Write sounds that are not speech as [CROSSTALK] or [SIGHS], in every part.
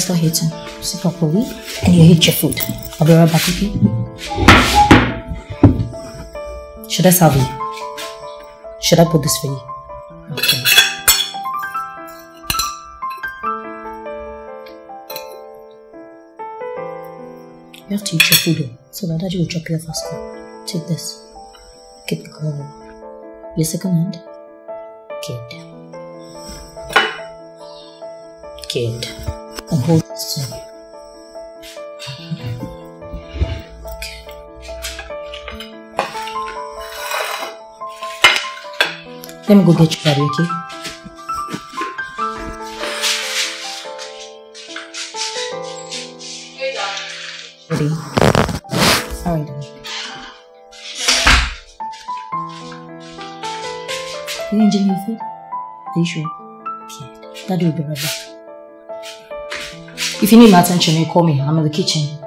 start eating. Sit properly, and you eat your food. I'll be right back with Should I serve you? Should I put this for you? Okay. You have to eat your food so that daddy will drop you off at school. Take this. Keep it going. Your second hand? Kid. Kid. rotina. Good. Let me go get you ready, okay? Ready? All right. Then. You enjoying your food? Are you sure? Okay. Daddy will be right back. If you need my attention, you call me. I'm in the kitchen.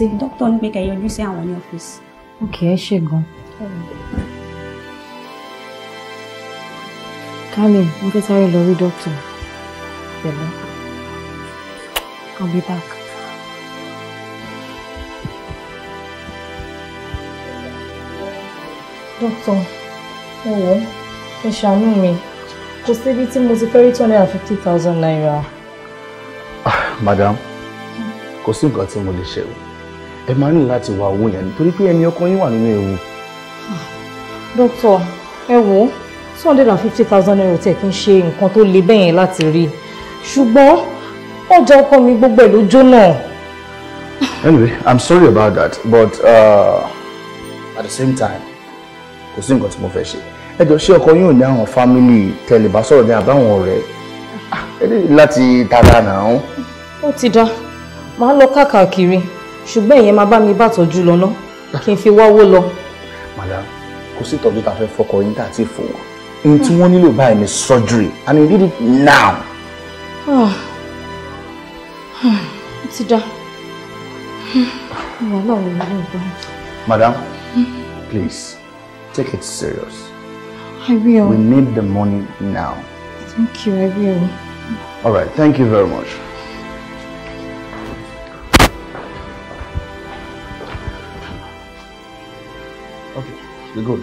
Doctor, dókítà ní pé kẹ́ yọjú sí àwọn ní ọ́fíìsì. ok ẹ ṣe gan. Carmen mo fẹ́ sáré lọ rí dókítà pẹ̀lú I'll be back. dókítà ẹ wò ẹ ṣàánú mi kò síbi tí mo ti fẹ́ rí two naira. Ah, madam kò sí nǹkan tí mo ẹ máa ní láti wá owó yẹn nítorí pé ẹni ọkọ yín wà nínú ewu. dókítà ẹ wo two hundred and fifty thousand naira tẹ̀ kí n ṣe nǹkan tó le bẹ́ẹ̀ yẹn láti rí ṣùgbọ́n ọjà ọkọ mi gbogbo ẹ̀ ló jóná. anyway i'm sorry about that but uh, at the same time kò sí nǹkan tí mo fẹ́ ṣe ẹ jọ ṣé ọkọ yóò ní àwọn fámìlì tẹlẹ bá sọ̀rọ̀ ní àbáwọn ọ̀rẹ́ ah, ẹ láti tara nàá. ó ti dá màá lọ káàkiri ṣùgbọ́n ìyẹn máa bá mi bá tọ́jú lọ ná ah. kí n fi wáwó lọ. madam kò sí ìtọ́jú tá a fẹ́ fọkọ yín tá a ti fò wọ́n ohun tí wọ́n nílò báyìí ni surgery and you need it now. Ah. Ah. ó ti dá wàhálà wo ló ń bá. madam please take it serious. I will. We need the money now. Thank you, I will. All right, thank you very much. good.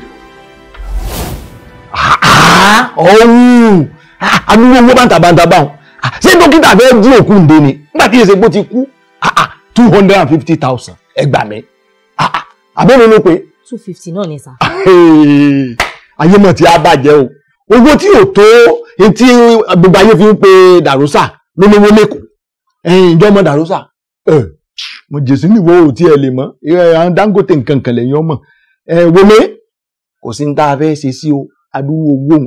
ọ̀hún àdúgbò owó bàǹtàbàǹtàbà ọ̀hún ṣé dókítà fẹ́ jí òkú ǹde ni nígbà tí èsèpò ti kú ah, ah, two hundred and fifty thousand ẹgbàá ah, mi àbẹ̀rẹ̀ ló pé. two fifty náà ni sà. ayé mọ̀ tí a bàjẹ́ o owó tí ò tó etí gbogbo ayé fi ń pe dàrúsà ló lówó lẹ́kọ̀ọ́ ẹ̀yìn ìjọ ọmọ dàrúsà mo jèsí níwọ̀ ò tí ẹ lè mọ̀ Dangote nǹkan kan kò sí ní tá a fẹ́ ṣe sí o adúrú owó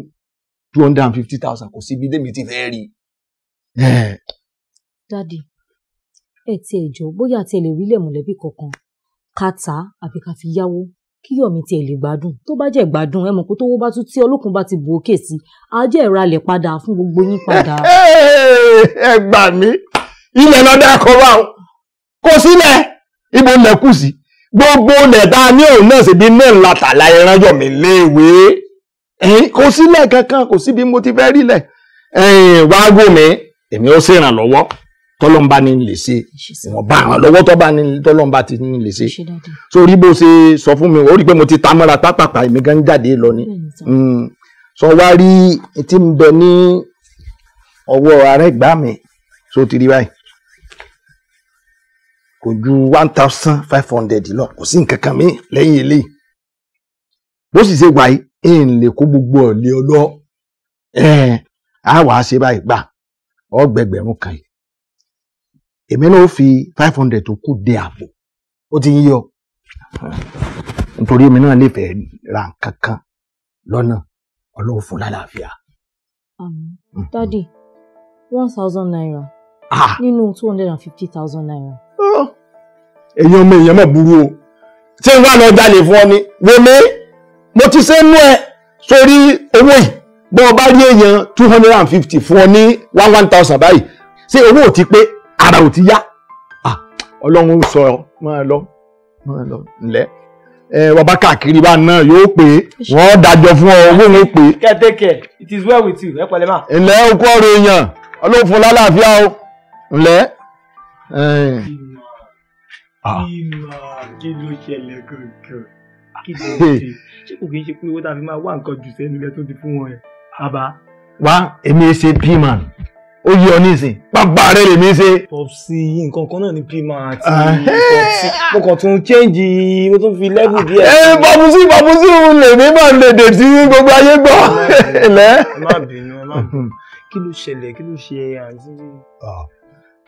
two hundred and fifty thousand kò sí ibi débi tí fẹ́ rí. dádì ẹ ti ẹ jọ bóyá àti ẹ lè rí ilẹ̀ mọ̀lẹ́bí kankan ká tà á àbí ká fi yáwó kí yọ̀mí tiẹ̀ lè gbádùn tó bá jẹ́ gbádùn ẹ mọ̀ pé tówó bá tún tí ọlọ́kùn bá ti bù ó kè sí á jẹ́ ìralẹ̀ padà fún gbogbo yín padà. ẹ gbà mí ilẹ̀ lọ́dọ̀ ẹ̀kọ́ o kò sílẹ̀ ibo lẹ́kù sí gbogbo ilẹ̀ tá a ní òun náà ṣèbí náà ńlá tàlà ìrànjọ mi léèwé kò sílẹ̀ kankan kò síbi mo ti fẹ́ rílẹ̀ wágùn mi èmi ó ṣèrànlọ́wọ́ tọ́lọ́mbà ni lè ṣe wọ́n bá àwọn lọ́wọ́ tọ́ba ni tọ́lọ́mbà ti ni lè ṣe sórí bó ṣe sọ fún mi ó rí i pé mo ti tamọ́ra pápápá èmi gan jáde lọ ni sọ mm. wá rí ti ń bẹ ní ọwọ́ àrẹ́gbá mi só ti rí báyìí kò ju one thousand five hundred lọ kò sí nǹkan kan mi lẹ́yìn eléyìí bó sì ṣe wà yìí ń lè kó gbogbo ọ̀lẹ́ ọlọ́ á wàá ṣe báyìí gbà ọgbẹgbẹ̀rún kan yìí èmi náà fi five hundred tó kù dé àpò ó ti ń yọ nítorí èmi náà lè fẹ́ ra nǹkan kan lọ́nà ọlọ́run fún lálàáfíà. Mm-hmm. dádì one thousand naira ah! nínú two hundred and fifty thousand naira èyàn ọmọ èèyàn mọ̀ burú o tí n wá lọ jalè fún ọ ni wèmí mo ti ṣe mú ẹ sórí owó yìí bọ́ ọ bá rí èèyàn two hundred and fifty fún ọ ní one one thousand báyìí ṣé owó ò ti pé ara ò ti yá ọlọ́run sọ máa lọ máa lọ ńlẹ́ wàbá káàkiri bá náà yóò pé wọ́n dájọ́ fún ọ owó wọn pé. kẹ́tẹ́kẹ́ it is well with you ẹ pẹ̀lẹ́ mà. ńlẹ́ okú ọ̀rọ̀ èèyàn ọlọ́fun lálàáfíà o ńlẹ́ ìmọ̀ ah. kí ló ṣẹlẹ̀ kankan kí ló ṣe ṣé kò kí n ṣe pé owó tàbí máa wá nǹkan jù sẹ́nu lẹ́ tó ti fún wọn ẹ̀ bàbá. wá èmi ṣe pman ó yí ọ nísìn pápá rẹ lèmi ṣe. popsi nǹkan kan náà ni man àti ah, popsi mo kàn tún change mo tún fi level díẹ̀. ẹ eh, popsi popsi lèmi máa ń lèdè tí gbogbo ayé gbọ́. ẹ má bínú ẹ má bínú kí ló ṣẹlẹ̀ kí ló ṣe àǹtí. Ah.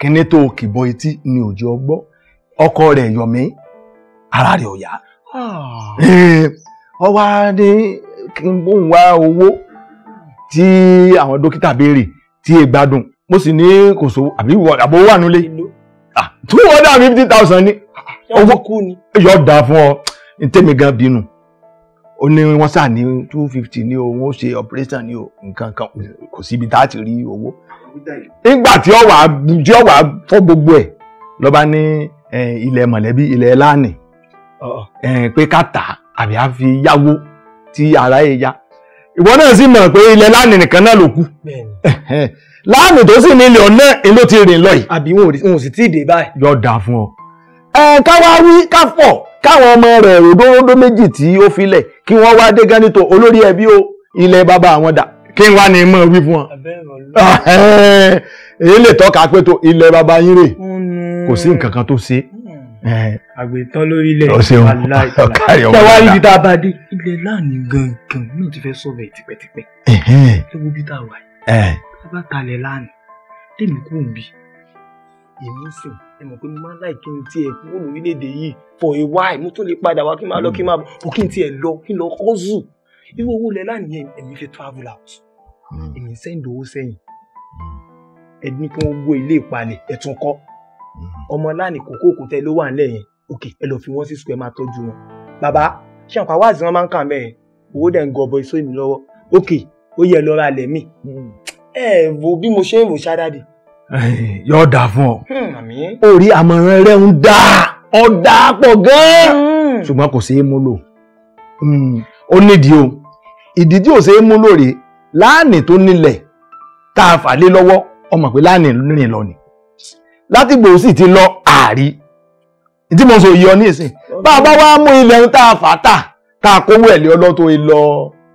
kíní tó kìbọ etí ni òjò ọgbọ́n ọkọ rẹ̀ yọ̀mí ara rẹ̀ ọ̀yá ah. eh, ọ wá ní kí n bóun wá owó tí àwọn dókítà béèrè tí è e gbádùn mo sì ní kò sówó àbí àbò wà nílé two hundred and fifty thousand ni owó kú ni yọ da fún ọ ntẹ́mi gan bínú ó ní wọ́n sà ní two fifty ní o wọ́n ṣe operation ní o nǹkan kan kò síbi tá a ti rí owó nígbà tí ó wà tí ó wà fọ́ gbogbo ẹ̀ ló bá ní ilẹ̀ mọ̀lẹ́bí ilẹ̀ láàánì pé ká tà àbí á fi yáwó tí ara yẹ ya ìwọ náà sì mọ̀ pé ilẹ̀ láàánì nìkan náà ló kù láàánì tó sì ní ilẹ̀ ọ̀nà ló ti rìn lọ yìí. àbí wọn ò sì tí ì dé báyìí. yọ da fún ọ. ẹ káwá wí káfọ̀ káwọn ọmọ rẹ̀ ròdòròdó méjì tí ó filẹ̀ kí wọ́n wá dé gánító olórí ẹbí ilẹ̀ bàbá àwọn dà kí n wá mọ̀ wí fún ọ èyí lè tọ́ka pé tó ilẹ̀ bàbá yín rè kò sí nǹkan kan tó ṣe. Hmm. àgbẹ̀tán lórí ilẹ̀ aláìsàn [LAUGHS] tẹ̀wá ibi tá a bá dé ilẹ̀ láàánú gangan náà ti fẹ́ sọ̀rọ̀ ẹ̀ tipẹ́tipẹ́ tó wọ́n bí tá a wà yìí tá a bá talẹ̀ láàánú tèmi kò ń bi èmi ń sìn ẹ mọ̀ pé mo máa ń láì kí n tiẹ̀ kúrò lórílẹ̀‐èdè yìí for a while mo tún lè padà wá kí n máa lọ kí n máa bọ̀ kò kí n tiẹ̀ lọ kí n lọ kọ́ zoo irú owó lẹ̀ láàánú yẹn fi travel out hmm. èmi send owó sẹ́yìn ẹ ní kí wọ́n wó ilé ìpalẹ̀ ẹ tún kọ́ ọmọ láàní kókó kò tẹ́ ló wà nílẹ̀ yẹn òkè ẹ lọ fi wọ́n sí sùkú ẹ máa tọ́jú wọn. bàbá ṣé àwọn àwáàzì wọn máa ń kà mẹ́rin owó dẹ̀ ń gọbọ iṣó mi lọ́wọ́ òkè ó yẹ lọ ra lẹ̀ mí. ẹ wo bí mo ṣe ń wò ṣádáde. [LAUGHS] yóò dáa fún ọ orí hmm, àmọ̀ràn rẹ ń dá ọ dáa pọ̀ gan-an hmm. ṣùgbọ́n kò ṣeé múlò hmm, ó nídìí o ìdí tí ò ṣeé múlò rèé láàánì tó nílẹ̀ tá a fà lé lọ́wọ́ ọmọ pé láàrin rìn lọ ni láti gbòó sì ti lọ àárí tí mo sọ yọ ní ìsìn bá a bá wá mú ilẹ̀ ń tá a fà tà a kówó ẹ̀lẹ́ ọlọ́tọ̀ ìlọ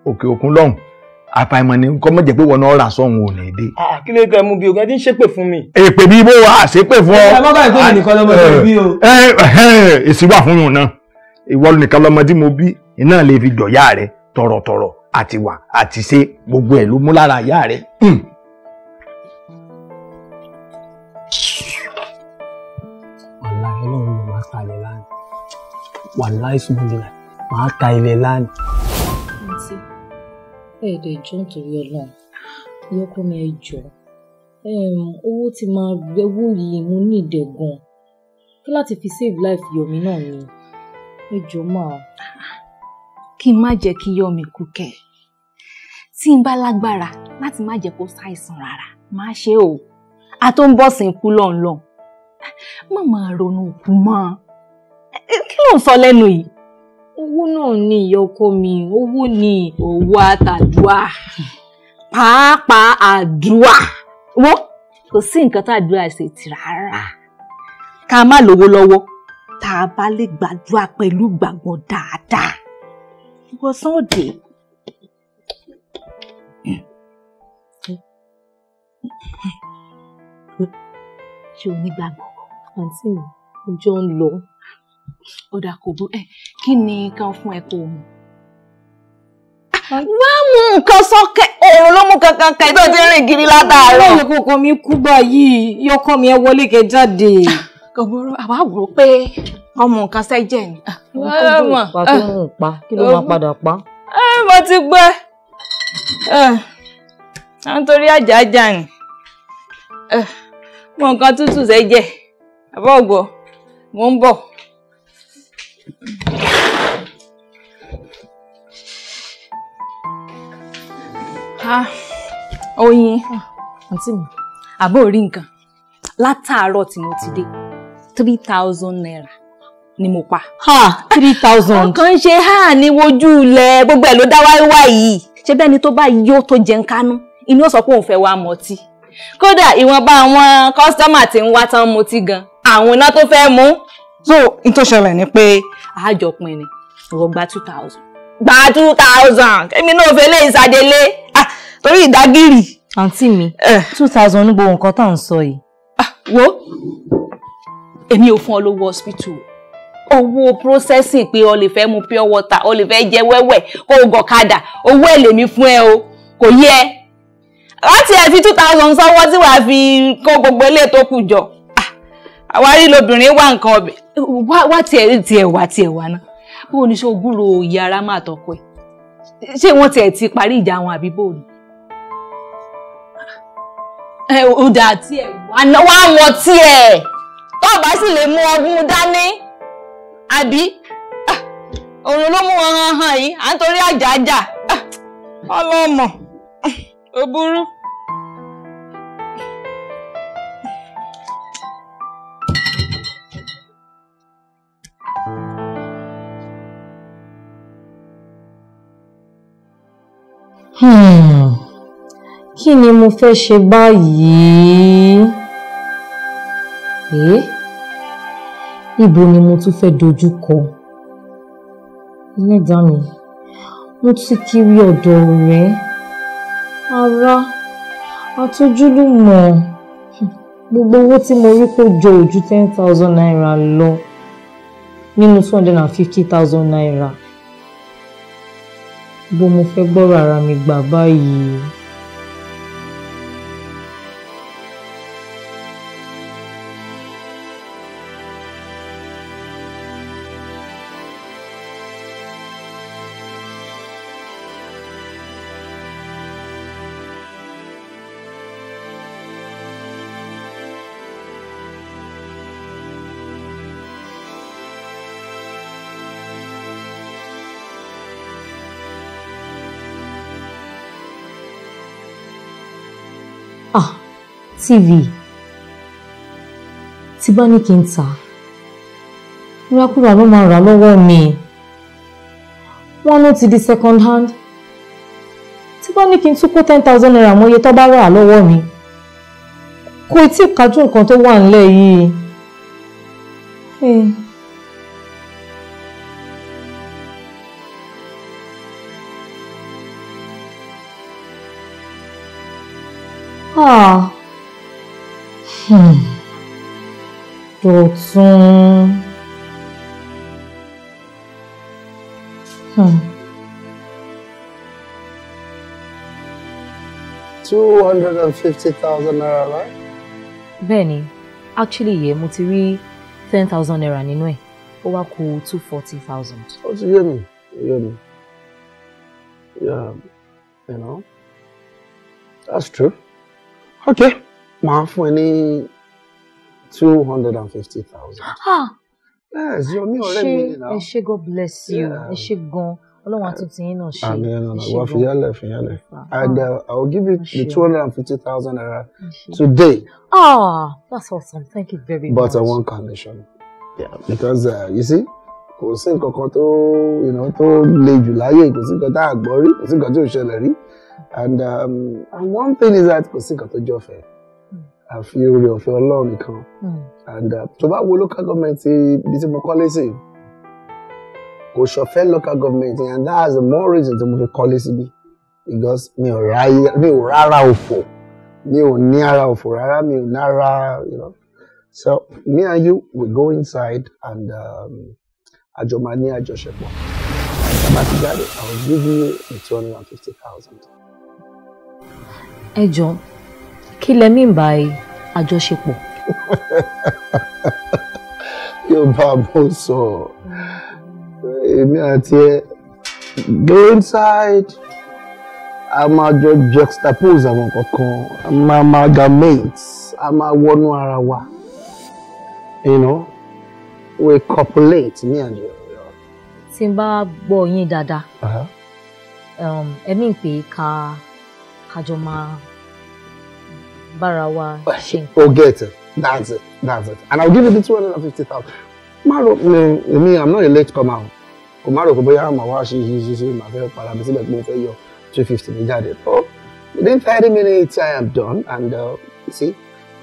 e òkè òkun lọ́hùn àfàìmọ̀ ni nǹkan mọ̀jẹ̀ pé wọnà ọ̀rà sọ̀hún ò ní dé. Ah, kí ló kẹ́ mú bí o kẹ́ tí ń ṣépè fún mi. èpè bí bó wa àṣépè fún ọ. ẹ má bàa ìpè o. èsì wà fún yùn náà ìwọ nìkan lọmọ tí mo bí iná lè fi jọ̀yà rẹ tọ̀rọ̀tọ̀rọ̀ àti wà àti ṣe gbogbo ẹ̀ ló mú lára ìyá rẹ. wàláì smuggler màá ta ilẹ̀ láàánú. àǹtí ẹ̀ẹ́dẹ̀ jọ́ nítorí ọlọ́run yọkọ mi ẹ jọ owó tí máa gbẹ́wò yìí mo ní ìdẹ̀gùn kí láti fi save life yọmi náà ni ẹ jọ máa. kí n má jẹ́ kí yọmi kú kẹ́ tí n bá lágbára láti má jẹ́ kó ṣàìsàn rárá má ṣe o a tó ń bọ̀ sí ikú lọ́nlọ́n má máa ronú òkú mọ́ ọ kí ló ń sọ lẹ́nu yìí owó náà ni ìyá ọkọ mi owó ni owó àtàdúà pàápàá àdúà wọ́n kò sí nǹkan tá àdúà ṣe ti rárá ká má lówó lọ́wọ́ tá a bá lè gbàdúrà pẹ̀lú gbàgbọ́ dáadáa ìwọ̀sán òde. ṣé o nígbàgbọ́ àǹtí mi ọjọ́ ń lọ ọ̀dà kò bú ẹ kí ni kan fún ẹ kó o mọ̀. Ah, wá mú nǹkan sọ́kẹ́ òòrùn ló mú kankan kan ìtọ́ ti rìn kiri látàárọ̀. ọ̀rọ̀ ìkókò mi kú báyìí yọkọ mi ẹ wọlé kẹ jáde. Ah, kòmòrò àwa wò ó pé ọmọ nǹkan sẹ́jẹ̀ ni. Ah, ọmọ ìpa tó mú un pa kí ló máa padà pa. ẹ mo ti gbẹ ẹ nítorí àjàjà ni mo nǹkan tútù sẹ́jẹ̀ àbọ̀ ògbọ́ mo ń bọ̀. Ha, oyin. Ah, àǹtí mi. Àbó rí nǹkan. Látàárọ̀ tí mo ti dé, three thousand naira ni mo pa. Ha three thousand. Ọkàn ń ṣe ha ní wojú ilẹ̀ gbogbo ẹ̀ ló dá wáíwá yìí. Ṣé bẹ́ẹ̀ ni tó bá yó tó jẹun kánú? Inú ọ̀sán pé òun fẹ́ wá mọtí. Kódà ìwọ̀nba àwọn kọ́sítọ́mà tí ń wá tán mutí gan. Àwọn iná tó fẹ́ mú. So, n ni pé àjọpin ni ìwọ gba two thousand. gba two thousand èmi náà fẹ́ lé ìsàdélé ah, torí ìdágìrì. àǹtí mi eh. two thousand ní gbogbo nǹkan tá à ń sọ yìí. Ah, wo èmi ò fún ọ lówó hospital owó processing pé o lè fẹ́ mu pure water o lè fẹ́ jẹ wẹ́wẹ́ kó o gọ̀kadà owó ẹ̀ lèmi fún ẹ o kò yẹ láti ẹ fi two thousand sanwó tí wàá fi kó gbogbo ilé tó kù jọ àwárí lobìnrin wá nǹkan ọbẹ̀ wá tiẹ̀ tiẹ̀ wá tiẹ̀ wá ná bó o ní ṣe ogúnro òye ara máa tọkọ ẹ ṣé wọ́n tiẹ̀ ti parí ìjà wọn àbí bò ní. ó dà tiẹ̀ wá wọn tiẹ̀ tó o bá sì lè mú ọgbọ́n dání àbí ah, òun ló mú wọn hàn yìí à ń torí àjà àjà ah, ọlọ́mọ ah, ó burú. Hmm. kí ni mo fẹ́ ṣe báyìí? ẹ́ eh? ibo ni mo tún fẹ́ dojú kọ? ẹlẹ́dàá mi mo ti kiri ọ̀dọ̀ ọ̀rẹ́ ará àtojúlùmọ̀ gbogbo owó tí mo rí kó jọ ojú ten thousand naira lọ nínú two hundred and fifty thousand naira bó mo fẹ́ gbọ́rọ̀ ara mi gbà báyìí. tv tí bá ní kí n tà ìrakúra ló máa rà lọ́wọ́ mi wọ́n ló ti di second hand tí bá ní kí n tún kó ten thousand naira mọ́ iye tó bá rà lọ́wọ́ mi kò tí ì kájú nǹkan tó wà nílẹ̀ yìí. Eh. Ah. Dọ̀tun. Hmm. Hmm. Two hundred and fifty thousand naira, right? Bẹ́ẹ̀ni, actually yẹ mo ti rí ten thousand naira nínú ẹ̀, ó wá kù two forty thousand. Ó ti yé mi, yé mi. Yeah, you know, that's true. Okay máa fún ẹ ní two hundred and fifty thousand. yes yomi ọ̀rẹ́ mi nìyà. ẹ ṣé god bless you ẹ ṣé gan ọlọ́run àtúntì yín náà ṣe. àmì ẹ̀nà náà wà fìyàlẹ̀ fìyàlẹ̀ and uh, i will give you the two hundred and fifty thousand naira today. ah oh, that's awesome thank you very much. but on one condition yeah, because uh, you see kò sí nǹkan kan tó tó le jù láyé kò sí nǹkan tá a gbọ́ rí kò sí nǹkan tó ṣẹlẹ̀ rí and um, and one thing is that kò sí nǹkan tó jọ fẹ́ àfi orí ọ̀fẹ́ ọlọ́run nìkan hmm. and uh, tó bá wo local government ibi tí mo kọ́lé sí kò ṣọ̀fẹ́ local government and that's the more reason tí mo fi kọ́lé síbi because mi ò rárá òfò mi ò ní ara òfò rárá mi ò nára you know so me and you we go inside and um, àjọ máa ní àjọṣepọ̀ àtàbàtì jáde i will give you the two hundred and fifty thousand. ẹ jọ̀ọ́ kí lẹ mí [LAUGHS] bá àjọṣepọ̀. yorùbá bó sọ èmi àti ẹ go inside a máa jọ juxtapose àwọn kankan a máa amalgamate a máa wọnú ara wa you know we copulate ní àjọ. tí n bá gbọ́ yín dáadáa uh-huh. um, ẹ̀mí pé ká kájọ máa bára wa ṣe nǹkan. o oh, get it that's it that's it and i will give you the two hundred and fifty thousand. má rò mi i'm not a late comer o kò má rò pé bóyá màá wá ṣe ṣe ṣe ṣe màá fẹ́ para mi síbẹ̀ pé mo fẹ́ yọ two fifty mi jáde tó within thirty minutes i am done and uh, see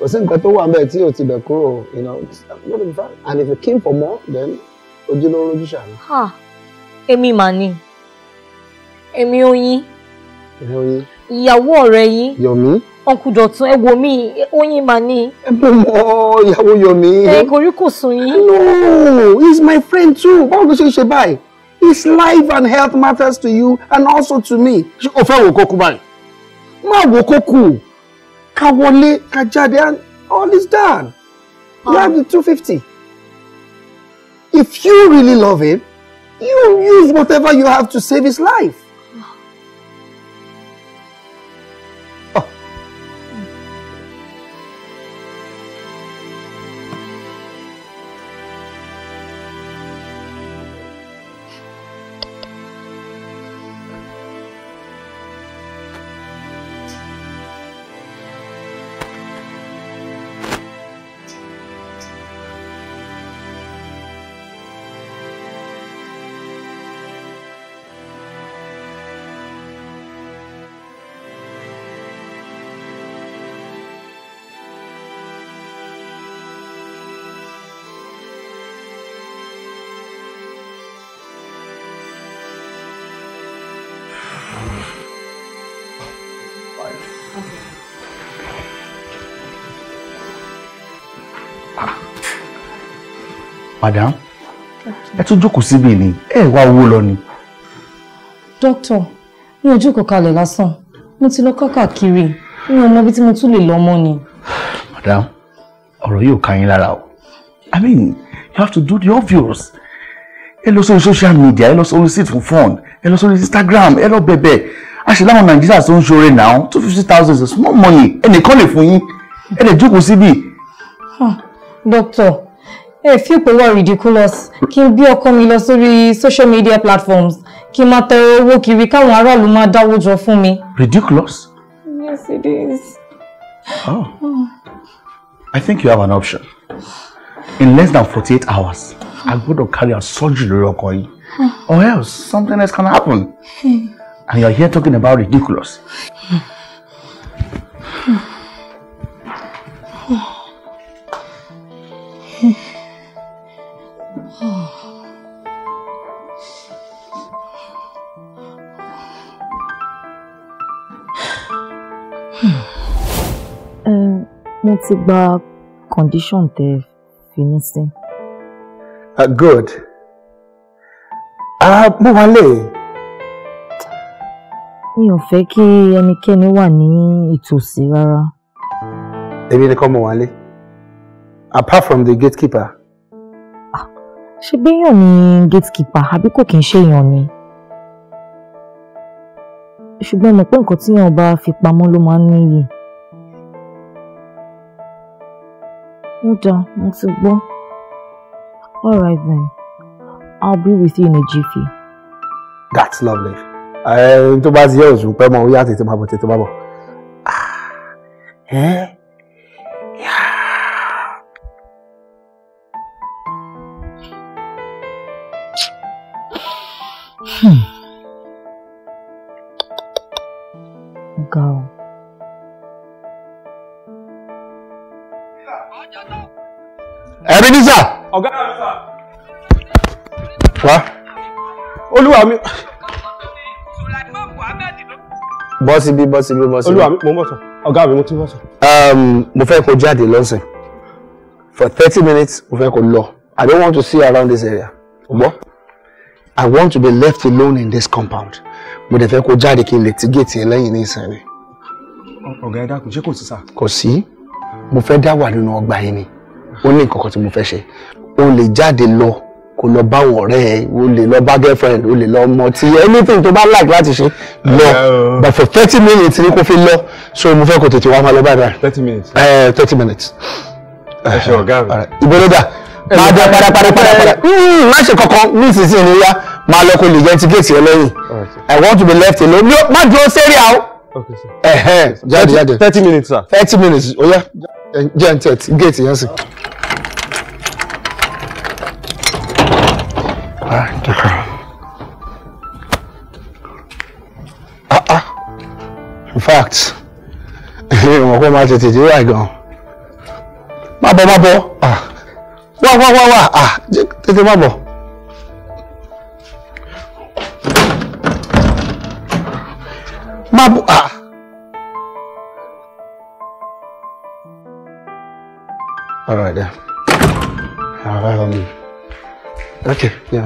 kò sí nǹkan tó wà ń bẹ̀ tí o ti bẹ̀ kúrò you know no be fine and if you came for more then ojúlówó ojú ṣàná. èmi mà ni èmi oyin ìyàwó ọ̀rẹ́ yín. yomi ọkùn dọ̀tún ẹ wò mí oyin mà ní. ẹ bọ mọ ìyàwó Yomi. ẹ korí kò sùn yín. no he's my friend too báwo ló ṣe ṣe báyìí his life and health matters to you and also to me. ṣé o fẹ́ wo kókó báyìí. má wo kókó ká wọlé ká jáde and all is done. you have the two fifty. if you really love him you use whatever you have to save his life. madam ẹ tún jókòó síbi ni ẹ wá owó lọ ni. dókítà mi ò jókòó kalẹ̀ lásán mo ti lọ káàkiri mi ò mọ ibi tí mo tún lè lọ mọ́ ni. madam ọ̀rọ̀ yóò ká yín lára o i mean you have to do the obvious ẹ lọ sórí social media ẹ lọ sórí sit fún fund ẹ lọ sórí instagram ẹ lọ bẹ̀bẹ̀ àṣẹ láwọn nàìjíríà tó ń ṣoore now. two fifty thousand is a small money ẹnìkan lè fún yín ẹ lè jókòó síbi. Ah, doctor ẹ fi pé wọ́n ridiculous kí n bí ọkọ mi lọ sórí social media platforms kí n máa tẹ owó kiri káwọn aráàlú máa dáwó jọ fún mi. ridiculous. yes it is. Oh. I think you have an option. In less than forty-eight hours, I gbọ́dọ̀ carry out surgery lórí ọkọ yìí. Hmm. Or else something else can happen. Hmm. And you're here talking about ridiculous. Hmm. hmm. mo ti gba condition tẹ fi mí ah, good ah, mo wà lè. mi ò fẹ́ kí ẹnikẹ́ni wà ní ìtòsí rárá. èmi nìkan mo wà lé apart from the gatekeeper. Ah, ṣe béèyàn ni gatekeeper àbí kò kí n ṣe èèyàn ni ṣùgbọ́n mo pé nǹkan tí èèyàn bá fi pamọ́ ló máa ń níyì. ó dáa mo ti gbọ́. alright then I'll be with you in a jiffy. that's lovely. Eh, tó bá ti yẹ òṣùpẹ́ mọ́ ó yá tètè máa bọ̀ tètè máa bọ̀. Ah, eh? bọ́ síbi bọ́ síbi bọ́ síbi. olúwa mo ń bọ̀ tán mi mo ti ń bọ̀ um, mo fẹ́ kó jáde lọ́sìn for thirty minutes mo fẹ́ kó lọ I don't want to see around this area. gbọ́ I want to be left alone in this compound mo dẹ̀ fẹ́ kó jáde kí n lè ti géètì yẹn lẹ́yìn ní ìsìn ọ̀gá ẹ dákun ṣé kò sí sá. kò sí mo fẹ́ dá wà nínú ọgbà yìí ni ó ní nǹkan kan tí mo fẹ́ ṣe o lè jáde lọ kò lọ bá àwọn ọ̀rẹ́ ẹ o lè lọ bá girlfriend o lè lọ mọ ti anything tó bá like láti ṣe lọ but for thirty minutes ni kò fi lọ so mo fẹ́ kó tètè wá máa lọ báyìí. thirty minutes. ẹ thirty minutes. ẹ ṣe ọ̀gá mi. ìgbẹ́lódà padà padà padà padà padà má ṣe kankan nísinsìnyí ni yá máa lọ kó lè jẹ́ ti géètì ẹ lẹ́yìn i want to be left alone mi má dúró sẹ́rí àwọn. jáde jáde thirty minutes sir. thirty minutes Oya. yá jẹ́ n tẹ̀ géètì yẹn sì. jẹ́ ah, in fact wọn kò máa tètè dé wáyé gan má bọ̀ má bọ̀ ah, wá wá ah, ah. All right then ok yà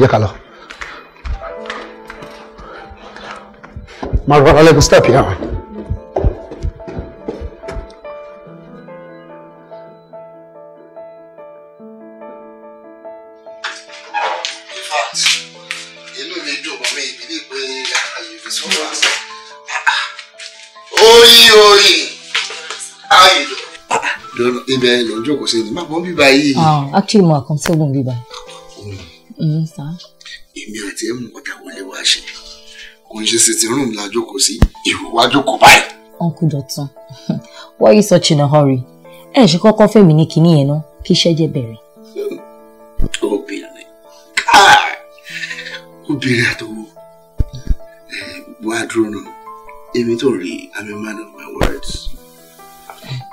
jẹ́ ká lọ. máa gbọ́dọ̀ lẹ́kùn step yẹn. oyin oyin ibẹ̀ ló ń jókòó sí ni má mọ́ bíbá yìí. Ah, actually mo àkọsílẹ̀ ògùn bíbá. Mm. Mm, èmi àti ẹ̀ mú ọ̀dà wọlé wá ṣe kò ń ṣe sitting room la jókòó sí ìwà jókòó báyìí. uncle Dọ̀tun [LAUGHS] why you such in a hurry ẹ ṣe kọ́kọ́ fẹ̀mí ní kinní yẹn náà kí iṣẹ́ jẹ́ bẹ̀rẹ̀. obìnrin káà ah! obìnrin àtọwọ́ wàá dúró náà èmi tó rí i'm a man of my words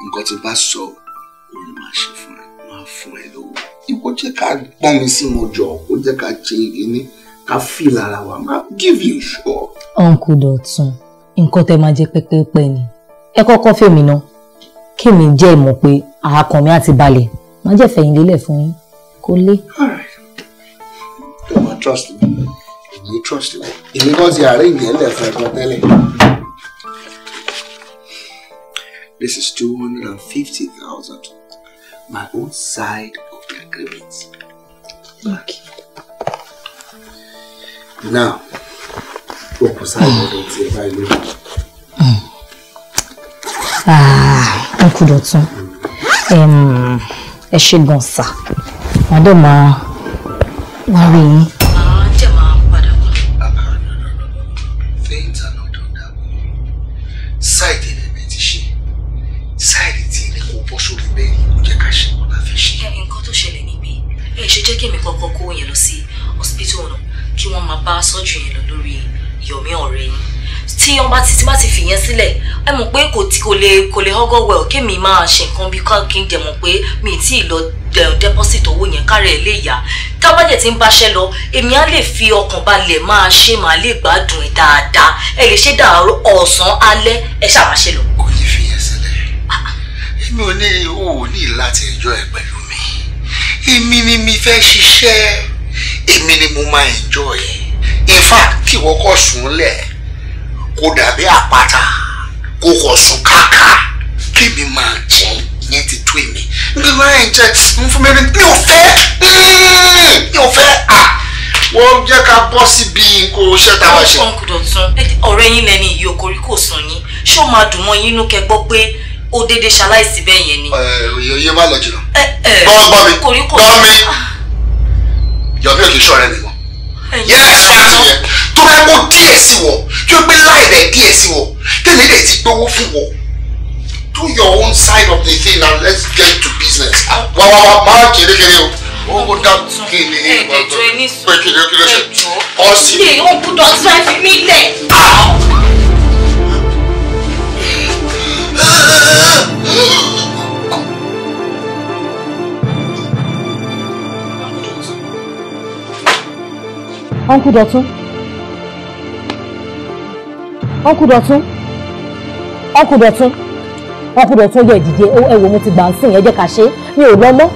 nǹkan tí bá sọ òun ni màá ṣe fún ẹ màá fún ẹ lówó ìwọ jẹ́ ká pọ́n mi sínú ọjọ́ ó jẹ́ ká ṣe ìní ká fi lára wa máa give you sure. ọ̀nkù Dọ̀tun nǹkan tẹ́ máa jẹ́ pẹ́pẹ́pẹ́ ni ẹ kọ́kọ́ fèmí náà kémi jẹ́ ìmọ̀ pé àákàn mi àti balẹ̀ má jẹ́ fẹ̀yìn lélẹ̀ fún yín kó lé. don't trust me èmi trust me èmi kàn ti àárín ìyẹn lẹ̀ fún tẹ́lẹ̀. This is 250,000. My own side of the agreement. Okay. Now, what was I going to say if I knew? Ah, Uncle Dotun. Um, ẹ ṣe gan sa. Madam, wọ́n rí yín. Ah, Sight ṣe jẹ́ kí èmi kọ́kọ́ kó yẹn lọ sí hospital náà kí wọ́n máa bá surgery yẹn lọ lórí yọ̀mí ọ̀rẹ́ yín tí wọ́n bá ti ti má ti fìyẹn sílẹ̀ ẹ mọ̀ pé kò tí kò lè kò lè họ́gọ́ wẹ̀ ọ́ kémi máa ṣe nǹkan bí kí n dẹ̀ mọ̀ pé mi ì tí ì lọ deposit owó yẹn kárẹ̀ ẹ̀ lè yá tábàjẹ́ ti ń báṣẹ́ lọ èmi á lè fi ọkàn balẹ̀ máa ṣe màá lè gbádùn ẹ̀ dáadáa ẹ lè ṣe dàárọ̀ ọ̀sán alẹ́ ẹ ṣàmáṣe lọ. kò ní fìyẹn sílẹ̀ ah, ah. èmi ò ní owó ní ìlà tí ẹjọ́ ẹ pẹ̀lú èmi ni mi fẹ́ ṣiṣẹ́ èmi ni mo máa enjoy in fact kí wọ́n kọ́ sùn lẹ̀ kó dàbí àpáta kó kọ́ sùn káàká kí mi máa jẹ́ ìyẹn ti tó èmi mi máa ń jẹ ń fún mi rí mi ò fẹ́ hmm, mi ò fẹ́ à wọ́n jẹ́ ká bọ́ síbi nǹkan iṣẹ́ tá a wá ṣe. ọ̀rẹ́ yín lẹ́ni ìyókòrí kò sàn yín ṣé ó máa dùn mọ́ yín nú kẹ́ pé ó dédé ṣaláìsí bẹ́ẹ̀ yẹn ni. ẹ eh, ẹ má lọ jìnnà. gbọ́n eh, eh, gbọ́n mi gbọ́n mi yọ̀bí òkè ṣọ̀rẹ́ mi wọ́n. yẹ́sì máa ti yẹ tó bá kó díẹ̀ sí wọ tí ó gbé láì rẹ̀ díẹ̀ sí wọ tèmi lè ti gbowó fún wọ do your own side of the thing and let's get to business. wà wà wà má kérékéré o ó kó dá kéde ní ìgbà tó pé kéde ó kéde ṣe. ọ̀sìn. ilé ìhókù dọ̀tí fẹ́ fi mí lẹ̀. Uncle Dotun. Uncle Dotun. Uncle Dotun. Uncle Dotun ti gbà ń sìn yẹn jẹ́ ká ṣe é mi ò lọ́mọ́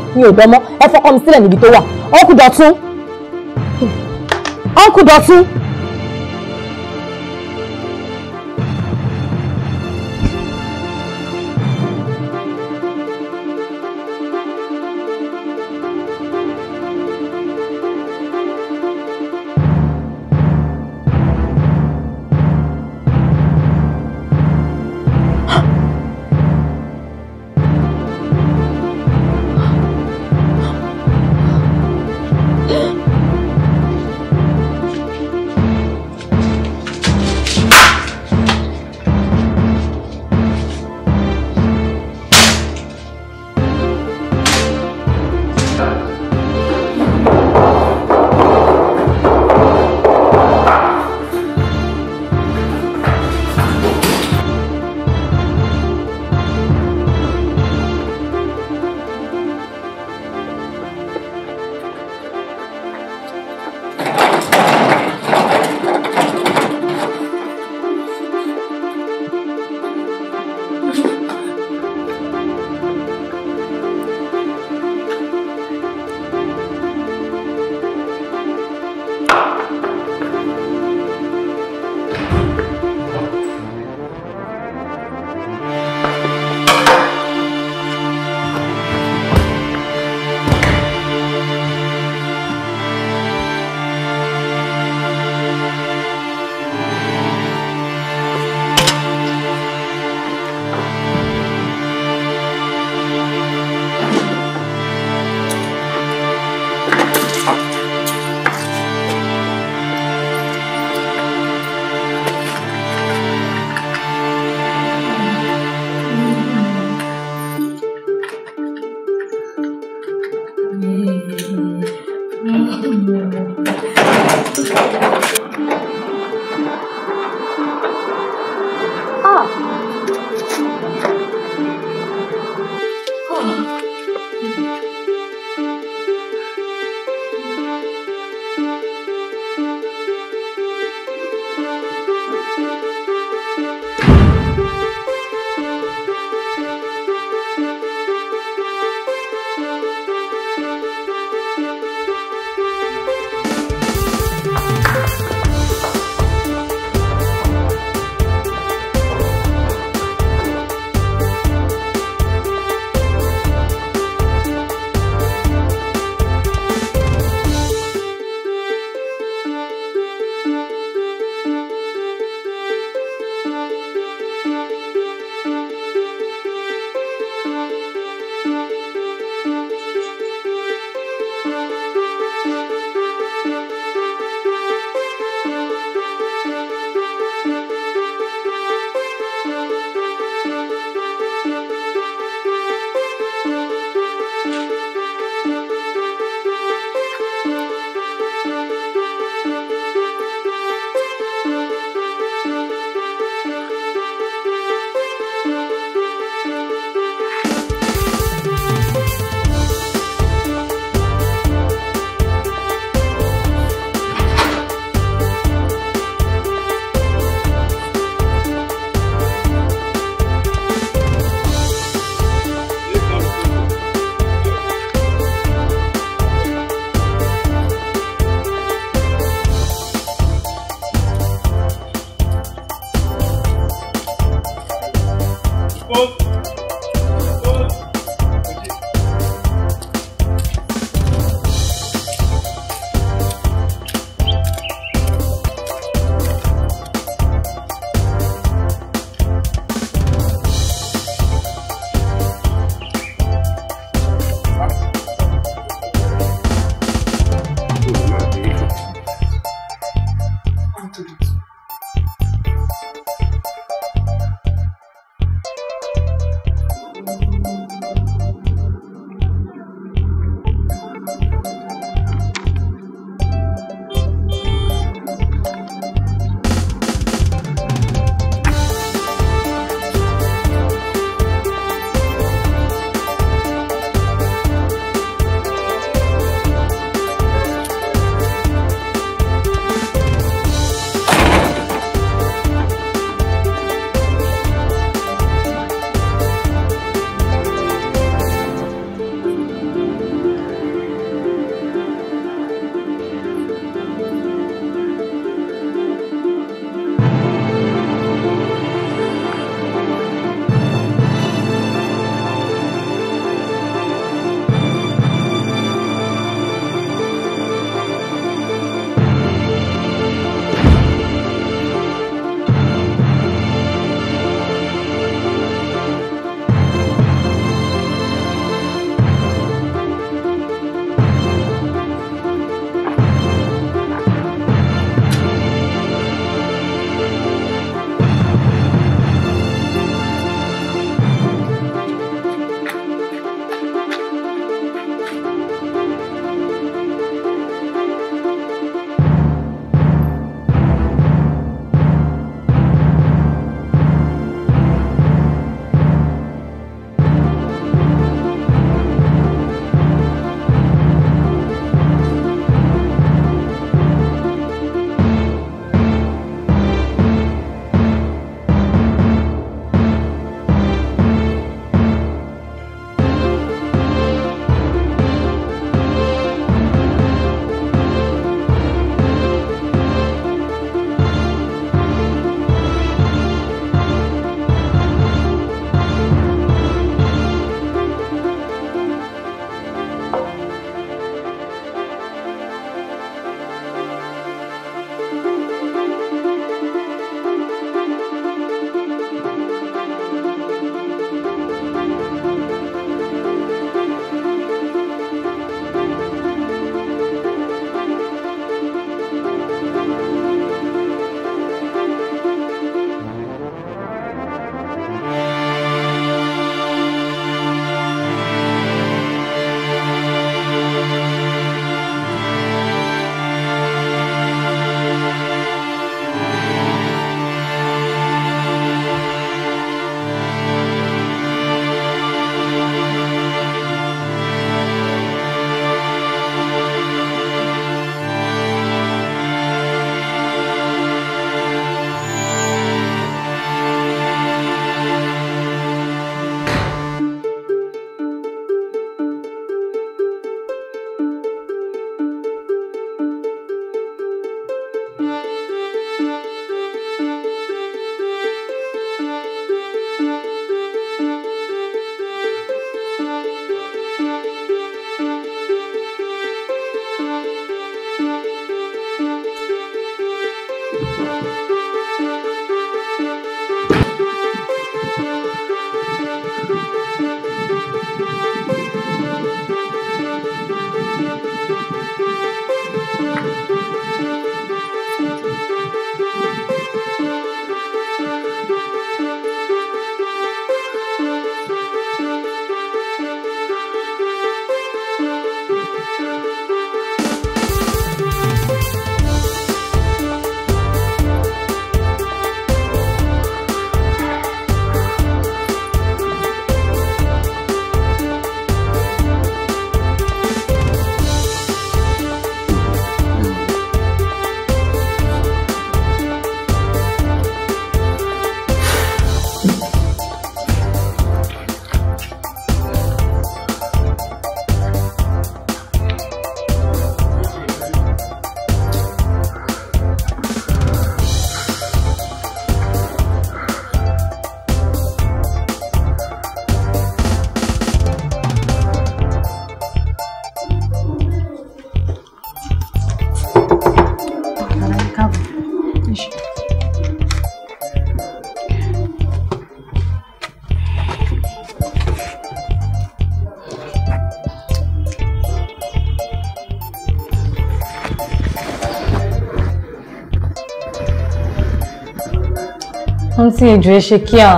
àǹtí ejò ẹ ṣe kíá.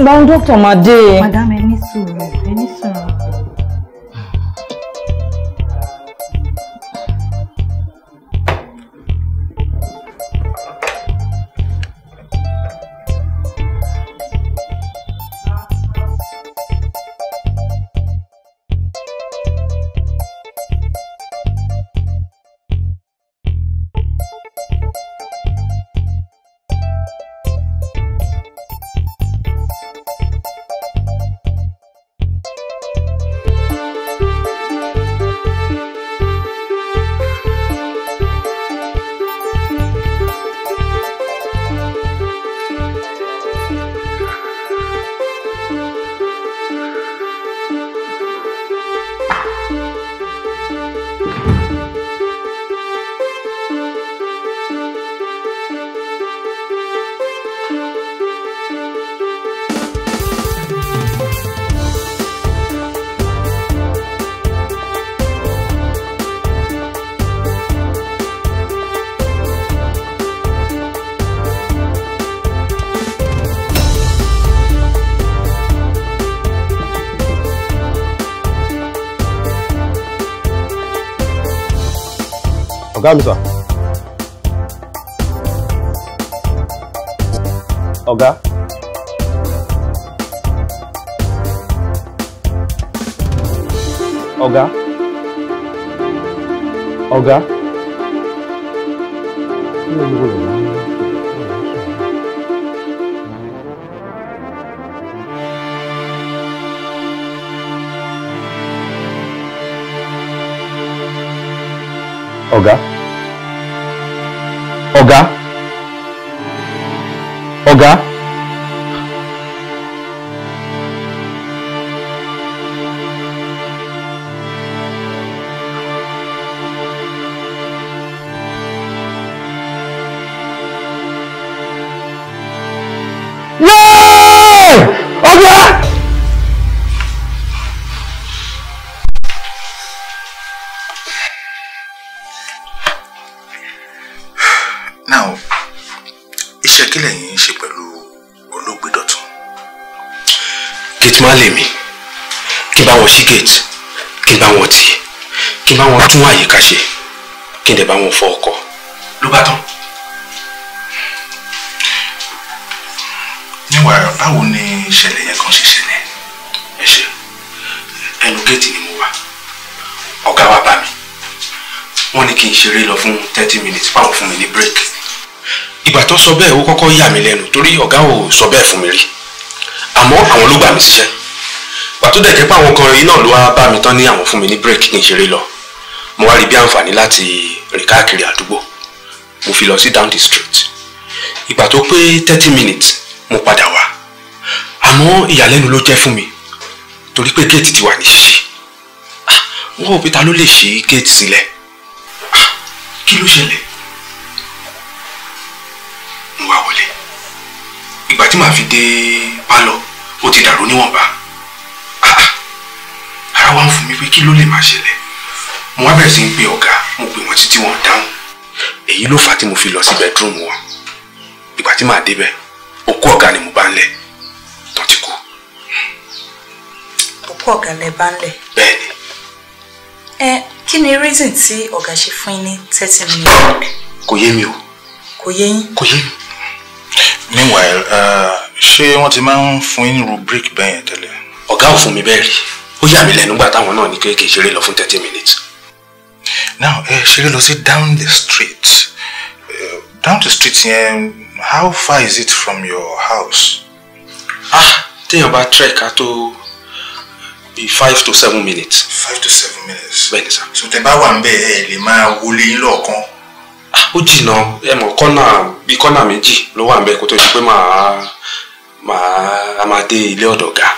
gbọ́n dókítà máa dé. madam ọ̀gá mi sà. ọ̀gá. ọ̀gá. ọ̀gá. kí Semoga bá wọn fọ ọkọ ló bá tán. níwà báwo ni ìṣẹ̀lẹ̀ yẹn kan ṣe ṣẹlẹ̀ ẹ ṣe ẹnu géètì ni mo wà ọ̀gá wa bá mi wọ́n ní kí n ṣeré lọ fún thirty minutes báwọn fún mi ní break ìgbà tó sọ bẹ́ẹ̀ ó kọ́kọ́ yà mí lẹ́nu torí ọ̀gá ò sọ bẹ́ẹ̀ fún mi rí àmọ́ àwọn ló gbà mí síṣẹ́ pàtó dẹ̀ jẹ́ pé àwọn kan yìí náà ló wá bá mi tán ní àwọn fún mi ní break kí n ṣeré lọ mo wá rí bí àǹfààní láti rìn káàkiri àdúgbò mo fi lọ sí down the street ìgbà tó pé thirty minutes mo padà wá àmọ́ ìyàlẹ́nu ló jẹ́ fún mi torí pé géètì ti wà ní ṣíṣí wọn ah, ò pé ta ló lè ṣí géètì sílẹ̀ ah, kí ló ṣẹlẹ̀ mo wá wọlé ìgbà tí màá fi dé pálọ̀ ó ti dàrú níwọ̀nba ah, ara wa ń fún mi pé kí ló lè máa ṣẹlẹ̀ mo wá bẹ̀rẹ̀ sí ń pe ọ̀gá mo pè wọ́n títí wọ́n dáhùn èyí ló fà á tí mo fi lọ sí bẹ́dúrúmù wọn ìgbà tí màá débẹ̀ òkú ọ̀gá ni mo bá ń lẹ̀ tán ti kú. òkú ọ̀gá lẹ bá ń lẹ̀. bẹ́ẹ̀ni. ẹ kí ni reason tí ọ̀gá ṣe fún yín ní thirty minutes. kò yé mi o. kò yé yín. kò yé mi. meanwhile uh, ṣé wọ́n ti máa ń fún yín ru break bẹ́ẹ̀ yẹn tẹ́lẹ̀. ọ̀gá ò fún mi bẹ́ẹ̀ rí ó yà mí lẹ́nu gbà táwọn náà ní kéèké ṣeré lọ fún thirty minutes now ẹ ṣeré lọ down the street uh, down the street yẹn how far is it from your house. ah téèyàn about trek á tó bí five to seven minutes. five to seven minutes. bẹ́ẹ̀ni sir. so the bar one ń eh the man máa wọlé yín lọ́ọ̀kan. Ah, ó jìnnà ẹ mọ̀ kọ́nà bíi kọ́nà méjì ló wà ń bẹ kó tó di pé màá ma a máa dé ilé ọ̀dọ̀ ga.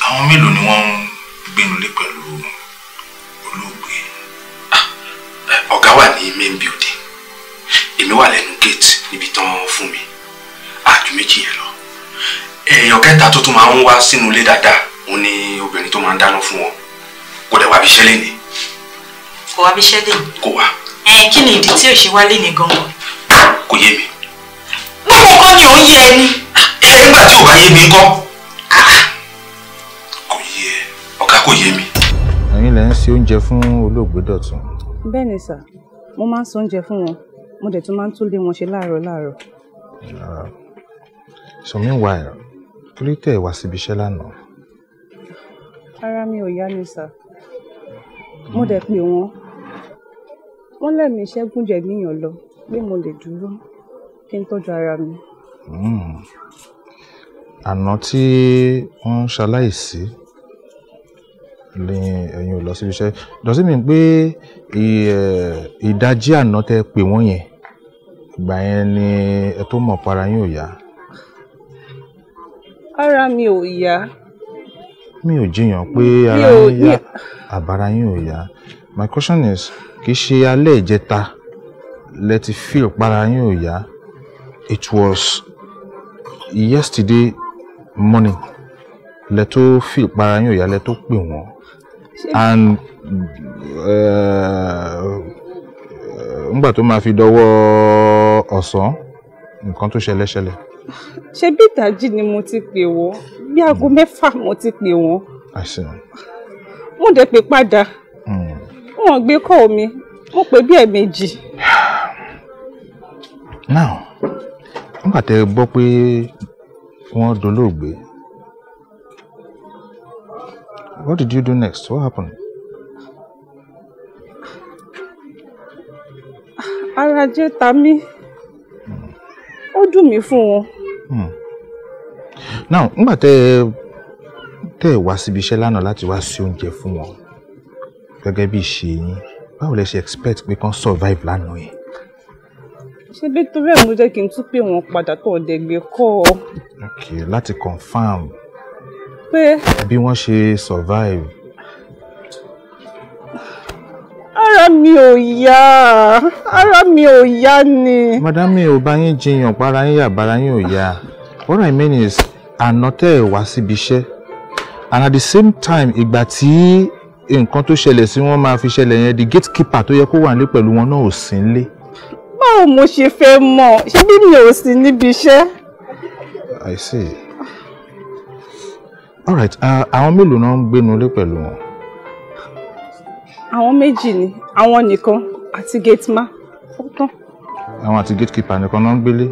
àwọn mélòó ni wọ́n ń gbénu lé ọ̀gá wà ní main building èmi wà lẹ́nu gate níbi tán fún mi àjù méjì yẹn lọ èèyàn kẹta tó tún máa ń wá sínú ilé dáadáa òun ni obìnrin tó máa ń dáná fún wọn kò dẹ̀ wá bí iṣẹ́ lénìí. kò wá bí iṣẹ́ lénìí. kò wá. ẹ kí ni ìdí tí ò ṣe wá lénìí gangan. kò yé mi. gbogbo nǹkan ni ò ń yé ẹ ni. ẹ nígbà tí ò bá yé mi ńkọ́. Ah, ah. kò yé ọ̀gá kò yé mi. ẹ̀yin lẹ ń ṣe oúnjẹ fún olóògbé Dọ̀tun bẹ́ẹ̀ ni sà mo máa ń sọ oúnjẹ fún wọn mo dẹ̀ tún máa ń tún lé wọn ṣe láàárọ̀ láàárọ̀. Ah, so meanwhile kí ló tẹ̀ wá síbi iṣẹ́ lánàá. ara mi ò yá ni sà mo dẹ̀ pè wọ́n wọ́n lẹ́mìí iṣẹ́ gúnjẹ̀ gbìyàn lọ pé mo lè dúró kí n tọ́jú ara mi. Hmm. àná tí wọ́n ń ṣaláìsí ẹ̀yin ò lọ síbi iṣẹ́ does it mean pé ìdajì àná tẹ pè wọ́n yẹn ìgbà yẹn ni ẹ tó mọ̀ para yín ò yá. ara mi ò yá. mi ò jiyàn pé ara yín yá àbára yín ò yá my question is kì í ṣe alẹ́ ìjẹta lẹ ti feel para yín ò yá it was yesterday morning lẹ tó feel para yín ò yá lẹ tó pè wọ́n and ngbà uh, uh, tó máa fi dọwọ́ ọ̀sán nǹkan tó ṣẹlẹ̀ ṣẹlẹ̀. ṣé bí ìdájí ni mo ti pè wọ́n bí aago hmm. mẹ́fà mo ti pè wọ́n. mo dẹ̀ pè padà hmm. wọn gbé kọ́ mi mo pè bí ẹ̀ẹ̀mejì. now nígbà tẹ́ gbọ́ pé wọ́n dolóògbé What did you do next? What happened? Ara jẹ́ ta mí. Ó dùn mí fún wọn. Hmm. Now, nígbà tẹ́ ẹ tẹ́ ẹ wá síbi iṣẹ́ lánàá láti wá sí oúnjẹ fún wọn gẹ́gẹ́ bí ìṣe yín báwo lẹ ṣe expect pé kán survive lánàá yẹn. ṣé bí torí ẹ̀ ló jẹ́ kí n tún pè wọ́n padà tó ọ̀dẹ̀gbẹ́ kọ́ ọ. ok láti confirm pé. bí wọ́n ṣe survive. ara mi ò yá ara mi ò yá ni. madam mi ò bá yín jiyàn para yín yà bara yín ò yá what i mean is àná tẹ́ ẹ̀ wá síbi iṣẹ́ and at the same time ìgbà tí nǹkan tó ṣẹlẹ̀ sí wọn máa fi ṣẹlẹ̀ yẹn the gatekeeper tó yẹ kó wà nílé pẹ̀lú wọn náà ò sí nílé. báwo mo ṣe fẹ́ mọ̀ ṣé bí mi ò sí níbi iṣẹ́. i see alright uh, àwọn mélòó náà ń gbénu lé pẹ̀lú wọn. àwọn méjì ni àwọn nìkan àti gate man ó tán. àwọn àti gatekeeper nìkan náà ń gbélé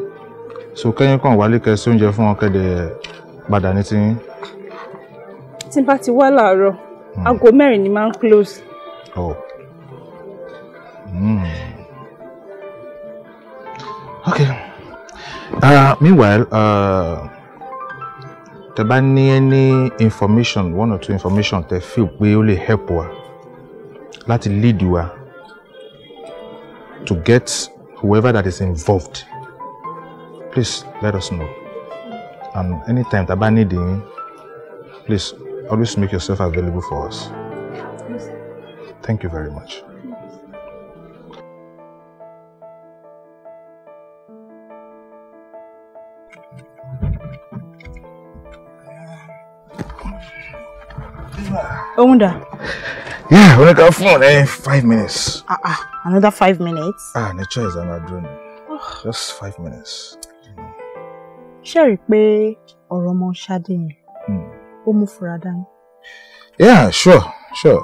so kẹ́yìn kan wálé kẹ́ sí oúnjẹ fún wọn kẹ́dẹ̀ padà ní tiyín. tí n bá ti wá láàárọ̀ hmm. aago mẹ́rin ni máa ń close. Oh. Hmm. Okay. Uh, meanwhile. Uh, tẹ bá ní any information one or two information tẹ feel pé ó lè help wa láti lead wa to get whoever that is involved please let us know and anytime tá a bá need yín please always make yourself available for us thank you very much. wonder. Yeah, we got phone eh? Five minutes. Ah uh ah, -uh. another five minutes. Ah, no choice, I'm not ah. Just five minutes. Sherry Bay or ọ̀rọ̀ ọmọ Ṣadé hmm. Yeah, sure, sure.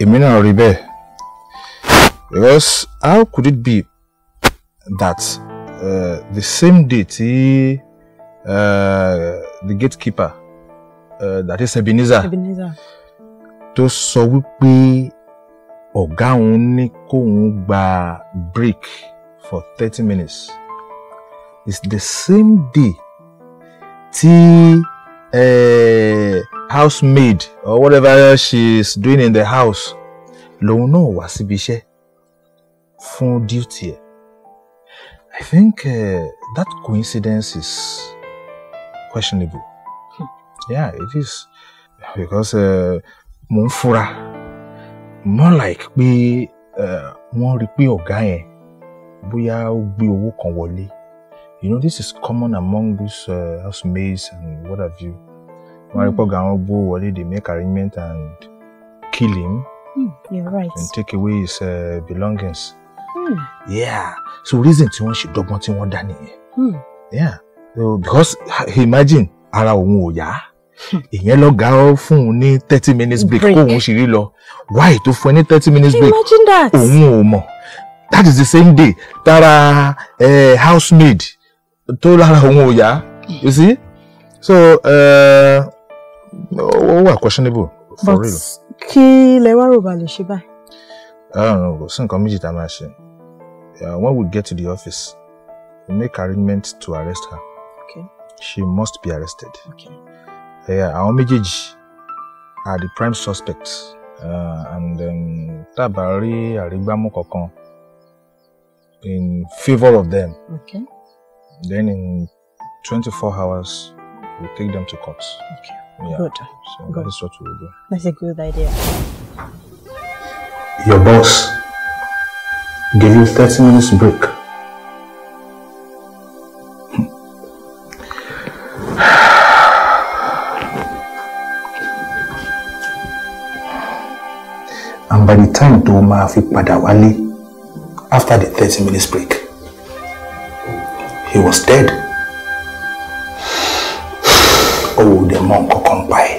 Emina uh, náà rí Because how could it be that uh, the same deity, uh, the gatekeeper Eh, that is Ebenezer tó sọ wípé ọ̀gá òun ní kóun gba break for thirty minutes it's the same day tí uh, housemaid or whatever she is doing in the house lòun náà wá síbi iṣẹ́ fún duty ẹ̀ I think uh, that coincidence is questionable. yeah, it is because uh, mo fura more like pé more uh, rí pé ọ̀gá yẹn bóyá ó gbé owó kan wọlé you know this is common among these uh, housemaids and what have you wọ́n rí pé hmm. ọ̀gá wọn wọlé they make arrangement and kill him mm, you're right. and take away his uh, belongings mm. yeah so reason tí wọ́n ṣe dọ́gbọ́n tí wọ́n dá nìyẹn hmm. yeah so because imagine ara òun ò yá. ìyẹn lọ́gà ó fún un ní thirty minutes break kóun sì rí lọ why tó fún ẹ ní thirty minutes break òun ò mọ̀ that is the same day tara eh, housemaid tó lára òun ò yá you see so ó uh, wà questionable for But real. kí lẹ wá rò bá lè ṣe báyìí. I don't know kò sí nǹkan méjì tá a máa ṣe when we get to the office we make arrangements to arrest her okay. she must be arrested. Okay àwọn méjèèjì are the prime suspects uh, and um, tá a bá rí àrígbámú kankan in favour of them okay. then in twenty four hours we take them to court. Okay. Yeah. Good. So good. that is what we will do. That's a good idea. Your boss gave you thirty minutes break. and by the time tó máa fi padà wálé after the thirty minutes break he was dead Oh, [SIGHS] the ó dẹ̀ mọ́ pa ẹ́.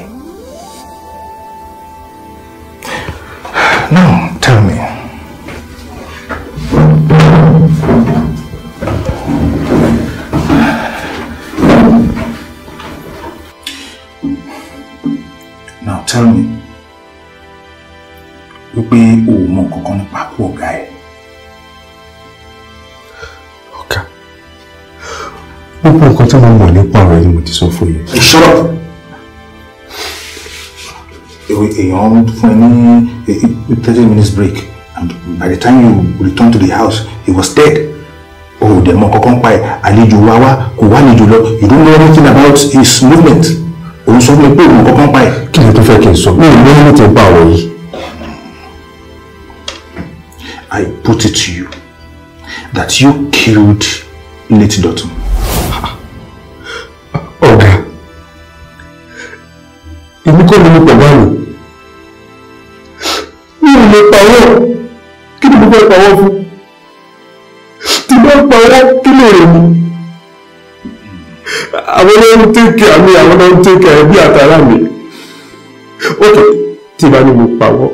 máa mọ̀ nípa ọ̀rọ̀ ni mo ti sọ fún yìí. ìṣọ́rọ̀ èèyàn fún ẹ ní eh, eh, thirty minutes break and by the time you return to the house he was dead. o ò dẹ̀ mọ kọ́kọ́ ń pa ẹ̀ àlejò wa wá kò wá àlejò lọ you don't know anything about his movement òun sọ fún mi pé òun kọ́kọ́ ń pa ẹ̀. kí ni tó fẹ́ kí n sọ mi ò ní ẹni tó bá wọ yìí. I put it to you that you killed Lady Dotun. gbé pọ̀wọ́ fún tí bá pọ̀wọ́ kí lè rè mí àwọn náà ń tẹ̀kẹ̀ àmì àwọn náà ń tẹ̀kẹ̀ ẹbí àtàrà mi ókè tí bá ní mo pàwọ́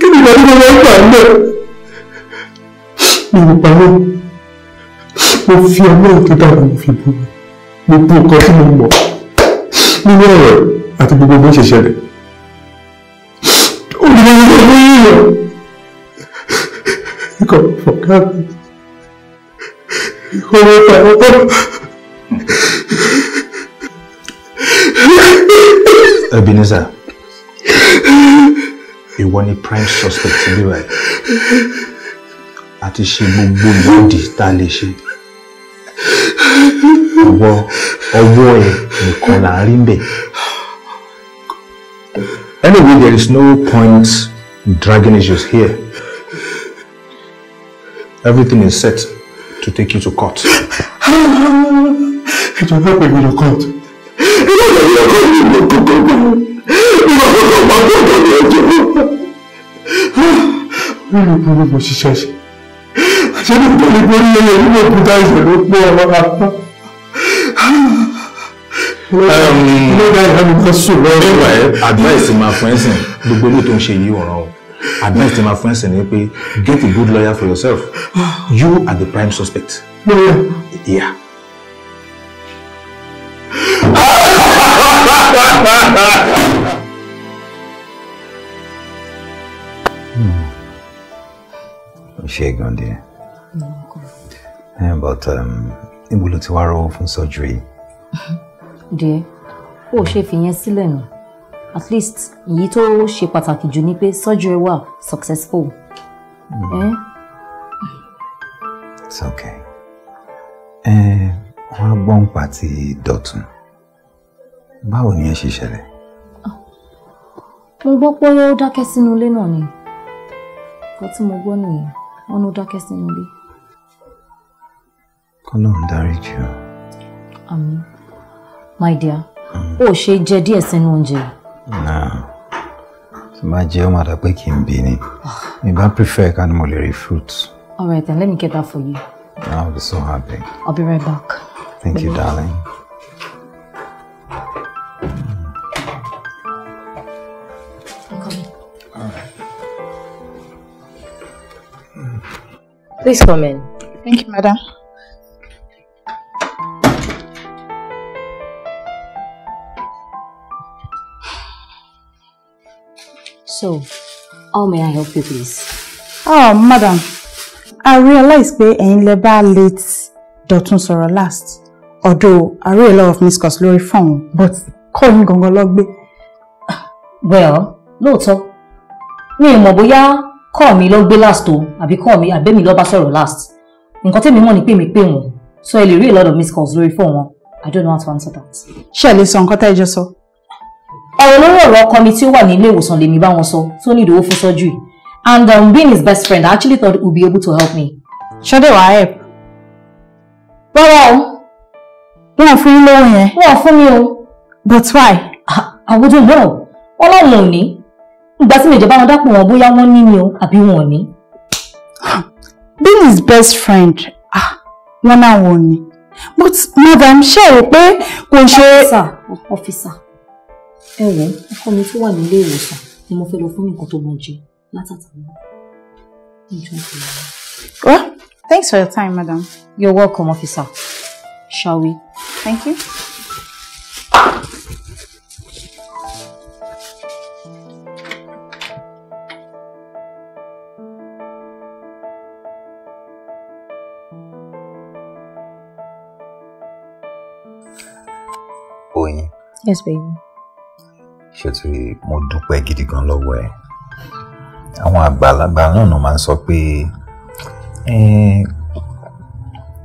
kí ni ìgbàlódé wọn gbà ń bẹ̀ mi ò pàwọ́ mo fi ọlọ́run tó dára mo fi bú mi mo bú nǹkan tí mo mọ̀ nínú ọ̀rọ̀ àti gbogbo bó ṣe ṣẹlẹ̀ olùwàlú ló yí o ikọ̀ fọ̀ká mi ikọ̀ mi fàyà bọ̀. Ebenezer ìwọ ni prime suspect bí wàá àti ṣe gbogbo ìwádìí tá a lè ṣe ọwọ́ ọwọ́ ẹ nìkan là ń rí bẹ́ẹ̀. Anyway, there is no point dragging issues here. Everything is set to take you to court. [LAUGHS] It will happen in your court. Wọ́n lè bọ́lú bọ̀ ṣiṣẹ́ ṣe. Um, nígbà advice máa fún ẹ̀sìn gbogbo ilé tó ń ṣe yìí ọ̀ràn o advice máa fún ẹ̀sìn ni pé get a good lawyer for yourself you are the prime suspect. lọ́yà. Oh, yeah. Hmm. ṣe gan de hmm, eh, but ibo um, ló ti wá rówó fún surgery. [LAUGHS] dear ó ṣe fìyẹn sílẹ̀ nù at least èyí tó ṣe pàtàkì jù ni pé surgery wà successful. Mm. Eh? It's okay. Eh, wọ́n á gbọ́n pa ti Dọ̀tun báwo ni ẹ ṣe ṣẹlẹ̀. Ah. mo gbọ́ pé ó dákẹ́ sínú ilé náà ni nǹkan tí mo gbọ́ nìyẹn wọ́n ló dákẹ́ sínú ilé. kọ́lọ́ ń dárí jù. àmín. My dear, Oh, she jẹ díẹ̀ sínú oúnjẹ. tí máa jẹ́ ọmọ àdàpẹ́ kì í bí ni mi bá prefer ká ni mo lè fruits. all right then let me get that for you. I'll be so happy. I'll be right back. Thank you, darling. All right. Please come in. Thank you, madam. So, how may I help you, please? Oh, madam, I realize pé ẹ̀yin lẹ bá late dotun sọ̀rọ̀ last. Although I read a lot of missed calls phone, but call me Gongo Logbe. Well, no mi Me mọ̀ bóyá call me Logbe gbé last o, àbí call me, àbẹ́mi ló bá sọ̀rọ̀ last. Nǹkan tèmi mọ̀ ni pé mi pè wọ́n, so I lè read a lot of missed calls phone I don't know how to answer that. Ṣé ẹ lè sọ nǹkan tẹ́ ọ̀rọ̀ lórí ọ̀rọ̀ ọkọ mi tí ó wà ní ilé ìwòsàn lèmi bá wọn sọ tó ní ìdòwò fún surgery and um, being his best friend I actually thought he would be able to help me. ṣọ́dẹ̀ wàá help. rárá o. wọn ò fún yín lówó yẹn. wọn fún mi o. but why. Ah, I wouldn't know wọn láwọn ò ní ìgbà tí mi ìjọba wọn dápò wọn bóyá wọn ní mi o àbí wọn ò ní. [GASPS] being his best friend wọn náà wọn ò ní but madam ṣe é pé kò ṣe. officer officer ẹ wò ọkọ mi tó wà nílé ìwòsàn ni mo fẹ́ lọ fún nǹkan tó mọ̀ jẹ látàtàmọ́. thanks for your time, madam. You're welcome, officer. Shall we? Thank you. Yes, baby ṣètìrí mo dúpẹ́ gidi gan lọ́wọ́ ẹ̀ àwọn àgbàlagbà náà máa ń sọ pé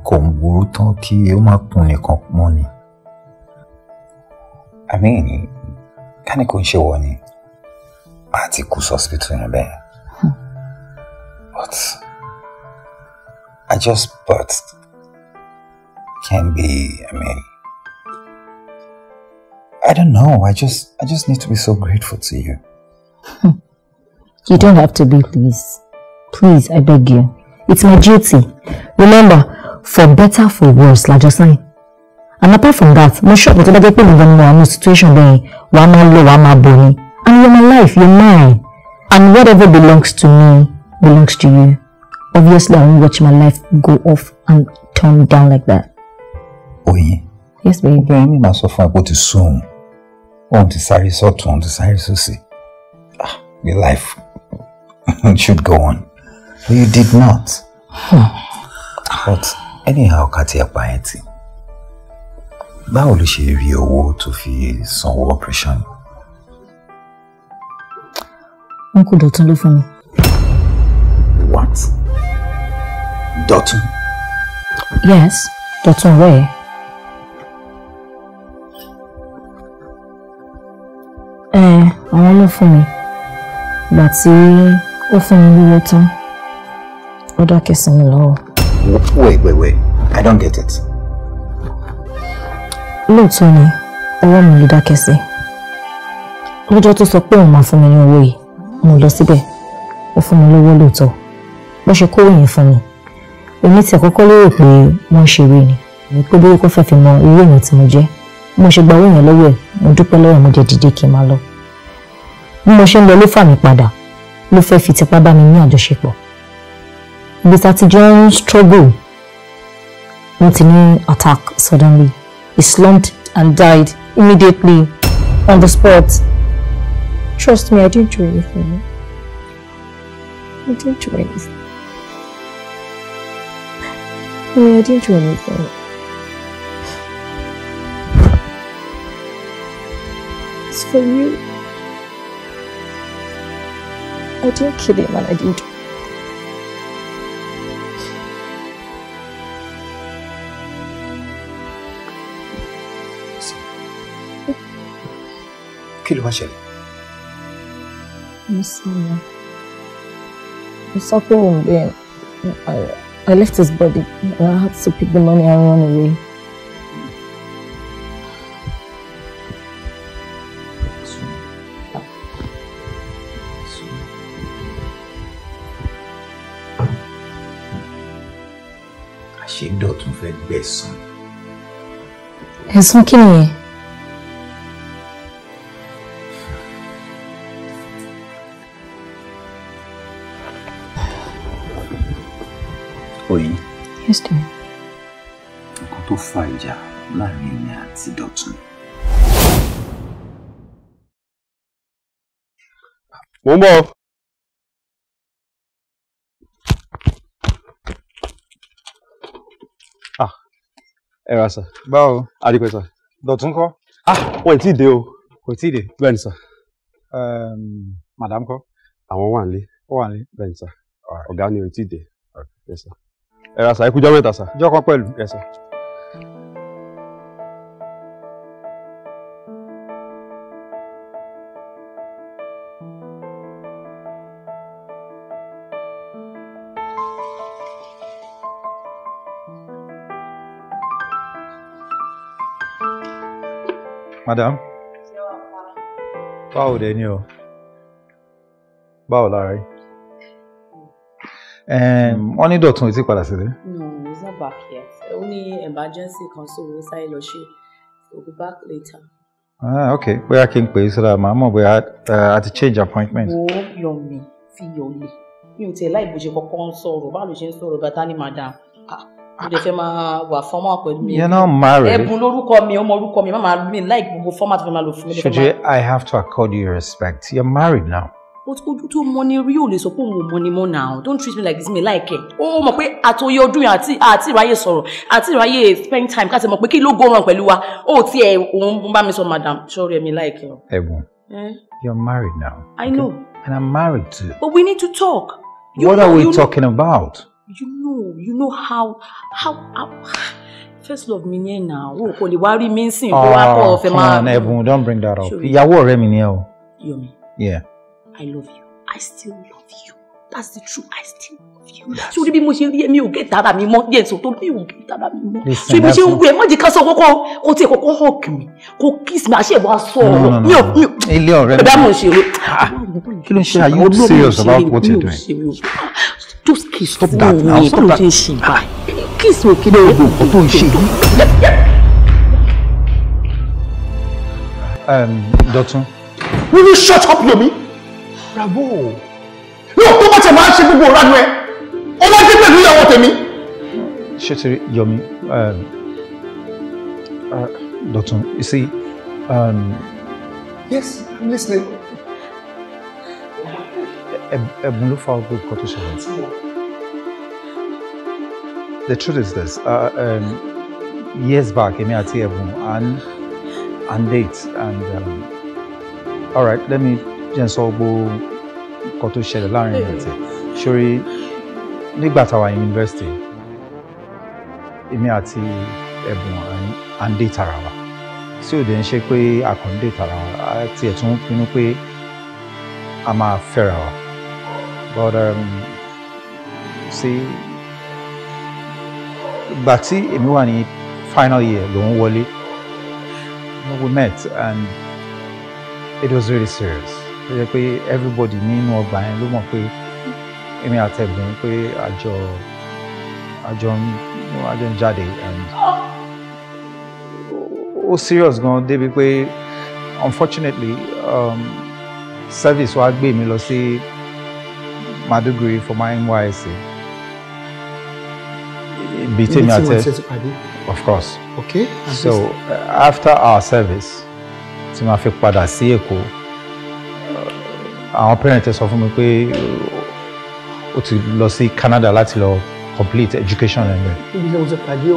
kò ń burú tán kí ó má kun nìkan mọ́ ni àmín kání kò ń ṣe wọ ni a ti kú sọ́spítù yẹn bẹ́ẹ̀ hmm. but I just but can be I mean. I don't know. I just I just need to be so grateful to you. you don't have to be, please. Please, I beg you. It's my duty. Remember, for better, for worse, like just saying. And apart from that, my shop, whatever they put in the situation, they were not low, my bony. And you're my life, you're mine. And whatever belongs to me belongs to you. Obviously, I won't watch my life go off and turn down like that. Oh yeah. Yes, baby. Obìnrin mi máa sọ fún ẹ bó òun ti sáré sọ́tún òun ti sáré sósì ah your life [LAUGHS] should go on but you did not hmm. but anyhow kàtí apá yẹn ti báwo ló ṣe rí owó tó fi sanwó operation. n kò dọ̀tún ló fún mi. what? dọ̀tún. yes dọ̀tún rẹ̀. àwọn ló fún mi ìgbà tí ó fún mi lówó tán ó dákẹ́ sí mi lọ́wọ́. wait wait wait i don't get it. lóòótọ́ ni ọwọ́ mi ló dákẹ́ sí lọ́jọ́ tó sọ pé òun máa fún mi ní owó yìí mo lọ síbẹ̀ ó fún mi lówó lóòótọ́ bó ṣe kó òyìn fún mi èmi ti àkọ́kọ́ lérò pé wọ́n ṣe eré ni mo pé bóyá kó fẹ́ fi mọ irú èèyàn tí mo jẹ́ mo ṣe gba owó yẹn lọ́wọ́ ẹ̀ mo dúpẹ́ lọ́wọ́ mo jẹ́ dìde kí n máa lọ bí mo ṣe ń lọ ló fà mí padà ló fẹ́ fi tipá bá mi ní àjọṣepọ̀ ibi tá ń struggle wọ́n ti ní attack suddenly he slumped and died immediately on the spot. Trust me, I didn't do anything. I didn't do anything. I mean, I didn't do anything. It's for you. Oh I didn't kill him and I didn't. Kill ló wá ṣẹlẹ̀? Muslim. I, I left his body. I had to pick the money and run away. ṣe Dọ̀tun fẹ́ gbẹ̀san. ẹ̀sùn kí nìyẹn. oyin. yes dear. nǹkan tó fa ìjà láàrin mi àti Dọ̀tun. mo ń bọ̀. ẹ ra sà. báwo. àdìpẹ sà. dọ̀tún kọ́. ah wọn ì dé o. kò tí ì dé. bẹ́ẹ̀ ni sà. madam kọ́. àwọn wà nílé. ó wà nílé. bẹ́ẹ̀ ni sà. ọ̀gá ni ò tí ì dé. ẹ ra sà ẹ kú jọ́ mẹ́ta sà. jọ́kọ́ pẹ̀lú. ẹ sà. madam báwo dẹ ni o báwo lára yìí wọ́n ní dọ̀tún etí padà sílẹ̀. no he's not back yet ó ní emergency kan so ó sáré lọ ṣe we'll be back later. Ah, okay bóyá kí n pè é sọ́dọ̀ àmọ́ àmọ́ bóyá eh, a change appointment. Oh, yọ me, fi yọ me. mi ò tẹ̀ láì bó ṣe kọ́kọ́ ń sọ̀rọ̀ báwo ló ṣe ń sọ̀rọ̀ bàtà madam. Ah fẹ́ máa wà fọ́mọ́ pẹ̀lú mi. you're not married. ẹ̀bùn lórúkọ mi ọmọ orúkọ mi mama mi like gbogbo format mi ma lò fún mi. ṣèjì i have to accord you respect you're married now. ojú tó mọ ni rí ò lè sọ pé òun ò mọ ni mọ now don't treat me like this Me like ẹ ó mọ̀ pé àtòyè ọdún yẹn àti àti ìráyè sọ̀rọ̀ àti ìráyè spend time káṣí mọ̀ pé kí ló go wrong pẹ̀lú wa ó tiẹ̀ òun bá mi sọ madam sọ̀rọ̀ ẹ mi like ẹ. ẹ̀gbọ́n eh? you're married now. i know. and i'm married too. but we need to talk. what are we talking about? you know you know how how how first love mi ni ẹ na o kò lè wá rí mi sìn kó wá pọ̀ ọ̀fẹ́ máa. come ah, on Ebun don't bring that up ìyàwó ọ̀rẹ́ mi ni o. Yomi yeah. I love you I still love you that's the truth I still love you. So sórí bí mo ṣe rí ẹ mi ò gé tara mi mọ́ díẹ̀ sọ́tọ̀ mi ò gé tara mi mọ́ sórí bí mo ṣe ń wú ẹ má jẹ́ ká sọ kọ́kọ́ kó tiẹ̀ kọ́kọ́ hug mi kó kiss mi àṣẹ ìwà sọ ọ̀rọ̀ mi ò mi ò ilé ọ̀rẹ́ mi bàbá mo ṣe rẹ. Ah, kí ló ń ṣe are you serious about what you're doing just kiss stop that now stop that kiss me kí ló ń gbọ́ tó ń ṣe yìí. Dọ̀tun. will you shut up Yomi. bravo. yóò tó bá tẹ̀ máa ń ṣe gbogbo ọ̀rá nu ẹ ọlọ́dún pẹ̀lú ìyàwó tèmi. ṣé ti Yomi um, uh, Dọ̀tun you see. Um, yes I'm listening ẹ̀bùn ló fa ọgbẹ́ nǹkan the truth is this uh, um, years back èmi àti ẹ̀bùn and and date and um, all right let me just sọ gbogbo nǹkan tó ṣẹlẹ̀ láàrin mi àti sori nígbà táwa yunifásitì èmi àti ẹ̀bùn and date ara So then she dé ń ṣe pé àkàndé tara àti ẹ̀tún pinnu pé a máa fẹ́ra wa but um, see ìgbà see, in wà ní final year lòun wọlé we met and it was really serious ó yẹ pé everybody nínú ọgbà yẹn ló mọ̀ pé èmi àtẹ̀gbọ́n pé àjọ àjọ àjọ ń jáde and ó serious gan débi pé unfortunately um, service wa gbé mi lọ sí. Si, my degree for my NYSC. Between my test, of course. Okay. so uh, after our service tí ma fi padà sí Èkó uh, àwọn parent sọ fún mi pé uh, ó ti lọ sí Canada láti lọ complete education ẹ̀ rẹ̀.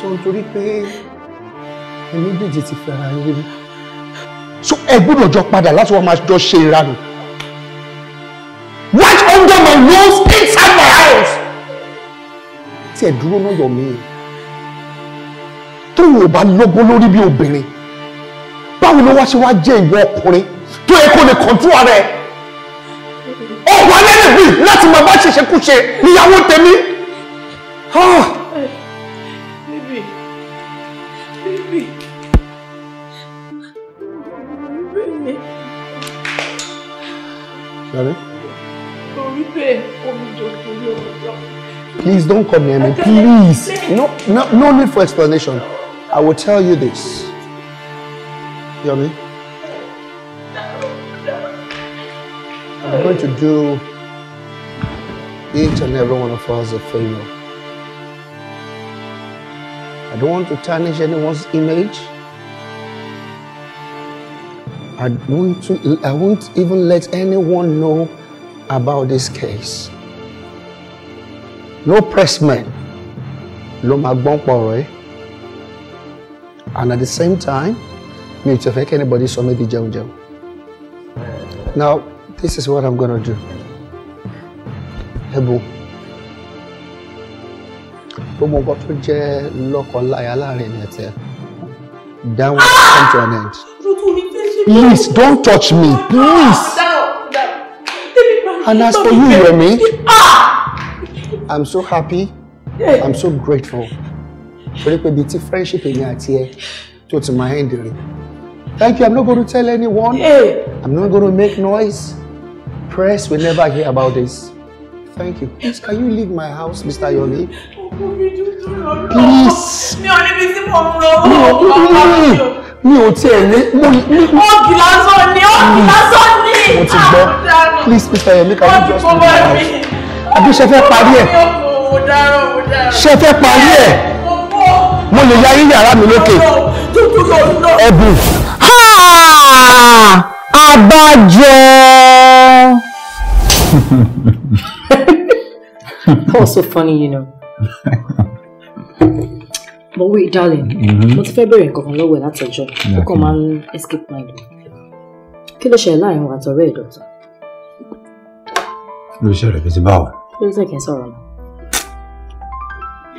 So nítorí pé ẹni bèjì ti fẹ́ra yín rí so ẹ gbọ́dọ̀ jọ padà láti wọ́n máa jọ ṣe ìranù. right under my nose inside my house. tí ẹ dúró náà yọ mí tó wò bá lọ́gbọ́n lórí bí obìnrin báwo ló wá ṣe wá jẹ́ ìwọ ọkùnrin tó yẹ kó lè kọ̀ntú ara ẹ̀ ọ̀pọ̀ alẹ́ nìbí láti máa bá ṣẹ̀ṣẹ̀ kú ṣe níyàwó tèmi. Ah! Please don't come near me. Please. No, no, no need for explanation. I will tell you this. You hear me? I'm going to do each and every one of us a favor. I don't want to tarnish anyone's image. I want to I won't even let anyone know about this case. no pressmen, ló máa gbọ́n pọ̀ ọ̀rọ̀ ẹ̀ e. and at the same time mi ò tẹ̀ fẹ́ kí anybody sọ mí di jẹun now this is what i'm gonna do ẹ̀bùn gbogbo nǹkan tó jẹ́ lọ́kọ̀ọ́láyà láàrin ẹ̀ tẹ̀ that come to an end please don't touch me please and as for you Remi. Ah! i'm so happy i'm so grateful torí pé ibi friendship èmi àti ẹ tó ti máa end rè thank you i'm not going to tell anyone i'm not going to make noise press will never hear about this thank you please can you leave my house mr Yomi. please. mi ò níbi tí mo ń lọ owó ọ̀pá mi ò mi ò tiẹ̀ ní. ọ́ọ̀gì lásán ni ọ́ọ̀gì lásán ni. mo ti gbọ́ ah, please mr Yomi can you just leave my house àbí ṣe fẹ́ parí ẹ̀ ṣe fẹ́ parí ẹ̀ mo lè yarí yàrá mi lókè ẹ̀bùn àbájọ. Ah! Oh, so funny, you know. But wait, darling, mm-hmm. mo ti fẹ́ bèrè nǹkan kan lọ́wọ́ ẹ̀ látọjọ́ ó kàn máa ń escape mind. Kí ló ṣẹlẹ̀ láàrin wa àtọ̀rẹ́ ẹ̀ dọ̀tọ̀? ló ṣẹlẹ̀ fi ti bá wa. ló ṣe kẹ́ sọ̀rọ̀ lọ.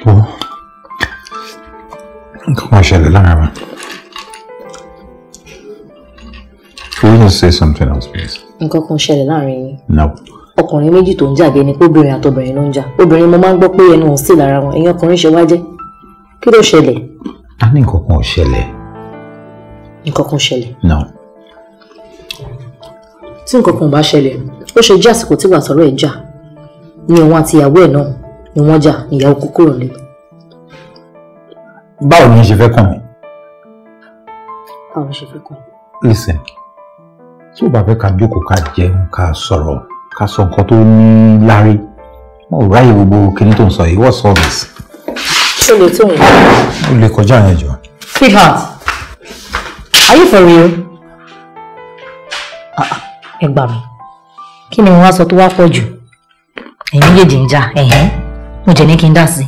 wọ́n nǹkan kan ṣẹlẹ̀ láàrin wa. Can you just say something else, please? Nǹkan kan ṣẹlẹ̀ láàrin yín. No. Ọkùnrin méjì tó ń jà bí ẹni pé obìnrin àtọbìnrin ló ń jà. Obìnrin mo máa ń gbọ́ pé ẹnu òun sì lára wọn, ẹ̀yin ọkùnrin ṣe wá jẹ́. Kí ló A ní nǹkan kan ò ṣẹlẹ̀. Nǹkan kan ṣẹlẹ̀. No. Tí nǹkan kan ó ṣe jẹ́ àsìkò tí wàá sọ̀rọ̀ ẹ̀ jà ni òun àti ìyàwó ẹ̀ náà ni wọ́n jà ìyàwó kú kúrò lé. báwo ni ṣe fẹ́ kàn mí. báwo ni ṣe fẹ́ kàn mí. listen tí o bá fẹ́ ká jókòó ká jẹun ká sọ̀rọ̀ ká sọ nǹkan tó ní lárí mo ráyè gbogbo kinní tó ń sọ yìí wọ́n sọ mi. ṣé o lè tó wọn. o lè kọjá yẹn sweetheart are you for real? Ah, ah, ẹ gbà mí kí ni mo wá sọ tó wá pọ̀ jù ẹ̀yin méjèèjì ń jà ẹ̀hẹ́n mo jẹ̀ ní kí n dá sí.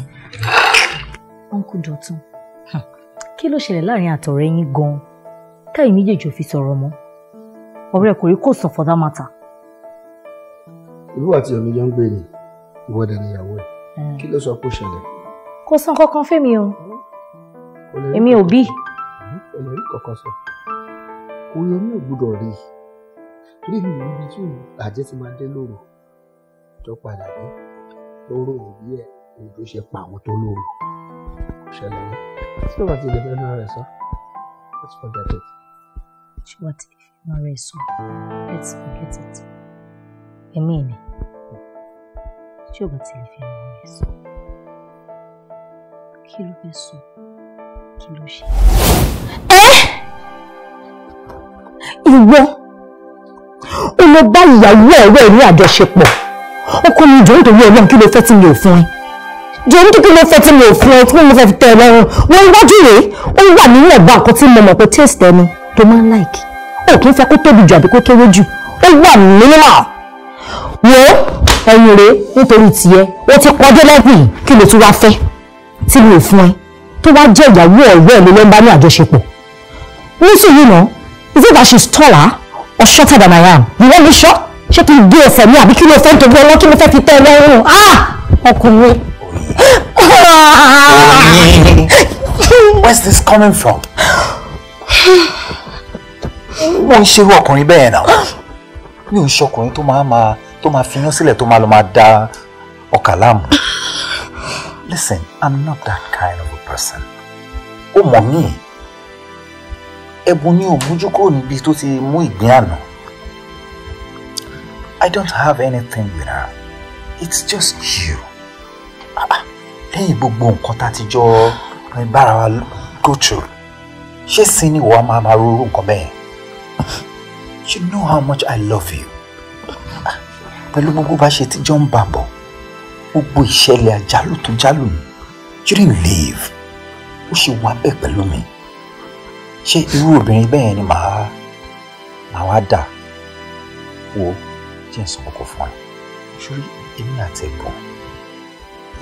uncle Dọ̀tun kí ló ṣẹlẹ̀ láàrin àtọ̀rẹ́ yín gan-an káyìn méjèèjì ò fi sọ̀rọ̀ mọ́ ọ̀rẹ́ kò rí kò sàn for that matter. ìlú àti èmi jọ ń gbé ni ìwọ dẹ̀ níyàwó ẹ̀ kí ló sọ pé ó ṣẹlẹ̀. kò san kankan fẹ́mi o èmi ò bí. kò lè sọ kò yẹ mi ò gbúdọ̀ rí i torí mi ò níbi tí àjẹ́ ti máa dé lóru tó padà dé tó ròyìn bí ẹ̀ ohun tó ṣe pa àwọn tó lóru ṣẹlẹ̀ ní tí ó ti lè fẹ́ náà rẹ̀ sọ let's forget it. tí wọ́n ti lè fẹ́ náà rẹ̀ sọ let's forget it. èmi ni tí ó bá ti lè fẹ́ náà rẹ̀ sọ kí ló fẹ́ sọ kí ló ṣe. ẹ ìwọ ó lọ bá ìyàwó ẹ̀rọ ẹ̀ ní àjọṣepọ̀ ọkọ mi jọ̀ọ́ nítorí ọlọ́run kí ló fẹ́ tí mi ò fún ẹ jọ̀ọ́ nítorí kí ló fẹ́ tí mi ò fún ẹ tí mo fẹ́ fi tẹ ẹ lọ́rùn wọn wájú rèé ó wà nínú ẹ̀bá nǹkan tí mo mọ̀ pé taste ẹni tó máa ń like ó kì í fẹ́ kó tóbi jù àbí kó kéré jù ó wà minimal wo ẹ̀yìn rèé nítorí tiẹ̀ ó ti kọjá lẹ́gbìn kí ló tún wá fẹ́ tí mi ò fún ẹ tó wá jẹ́ ìyàwó ọ̀rẹ́ mi ló ní àjọṣepọ̀ nísìnyí náà is it that she's taller or shorter than I am you want me ṣé kí n gbé ẹsẹ̀ mi àbí kí ló fẹ́ tóbi ọlọ́ kí ló fẹ́ fi tẹ́ ẹ lọ́rùn ah! ọkùnrin. [LAUGHS] where's this coming from? Mo ń ṣerú ọkùnrin bẹ́ẹ̀ náà mi ò ń ṣọkùnrin tó máa máa tó máa fi yán sílẹ̀ tó máa lọ máa da ọkà láàmú. listen i'm not that kind of a person. ó mọ̀ mí ẹ̀bùn ni ò níbi tó ti mú ìgbín àná. I don't have anything with her. It's just you. Ah, ah. Lẹ́yìn gbogbo nǹkan tá a ti jọ bára wa go through, ṣé sin ni wàá máa máa rorú nǹkan bẹ́ẹ̀? You know how much I love you. Ah, pẹ̀lú gbogbo bá ṣe tíjọ́ ń bàbọ̀, gbogbo ìṣẹ̀lẹ̀ àjálù tó jálù mi, you didn't leave. Ó ṣe wà bẹ́ẹ̀ pẹ̀lú mi ṣé irú obìnrin bẹ́ẹ̀ ni màá màá wá dà wo jẹ́ ìsọ kọ̀kọ̀ fún ẹ ṣórí èmi àti ẹ̀gbọ́n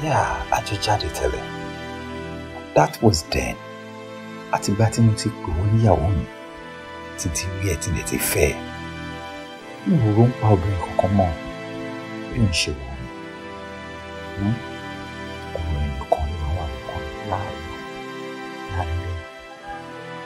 yà á jọ that was then àtìgbà tí mo ti pè wọ́n níyàwó mi títí wí ẹ̀ tí lè ti fẹ́ ẹ̀ mi ò rò ń pa obìnrin kankan mọ́ bí mo ṣe wọ̀ ọ́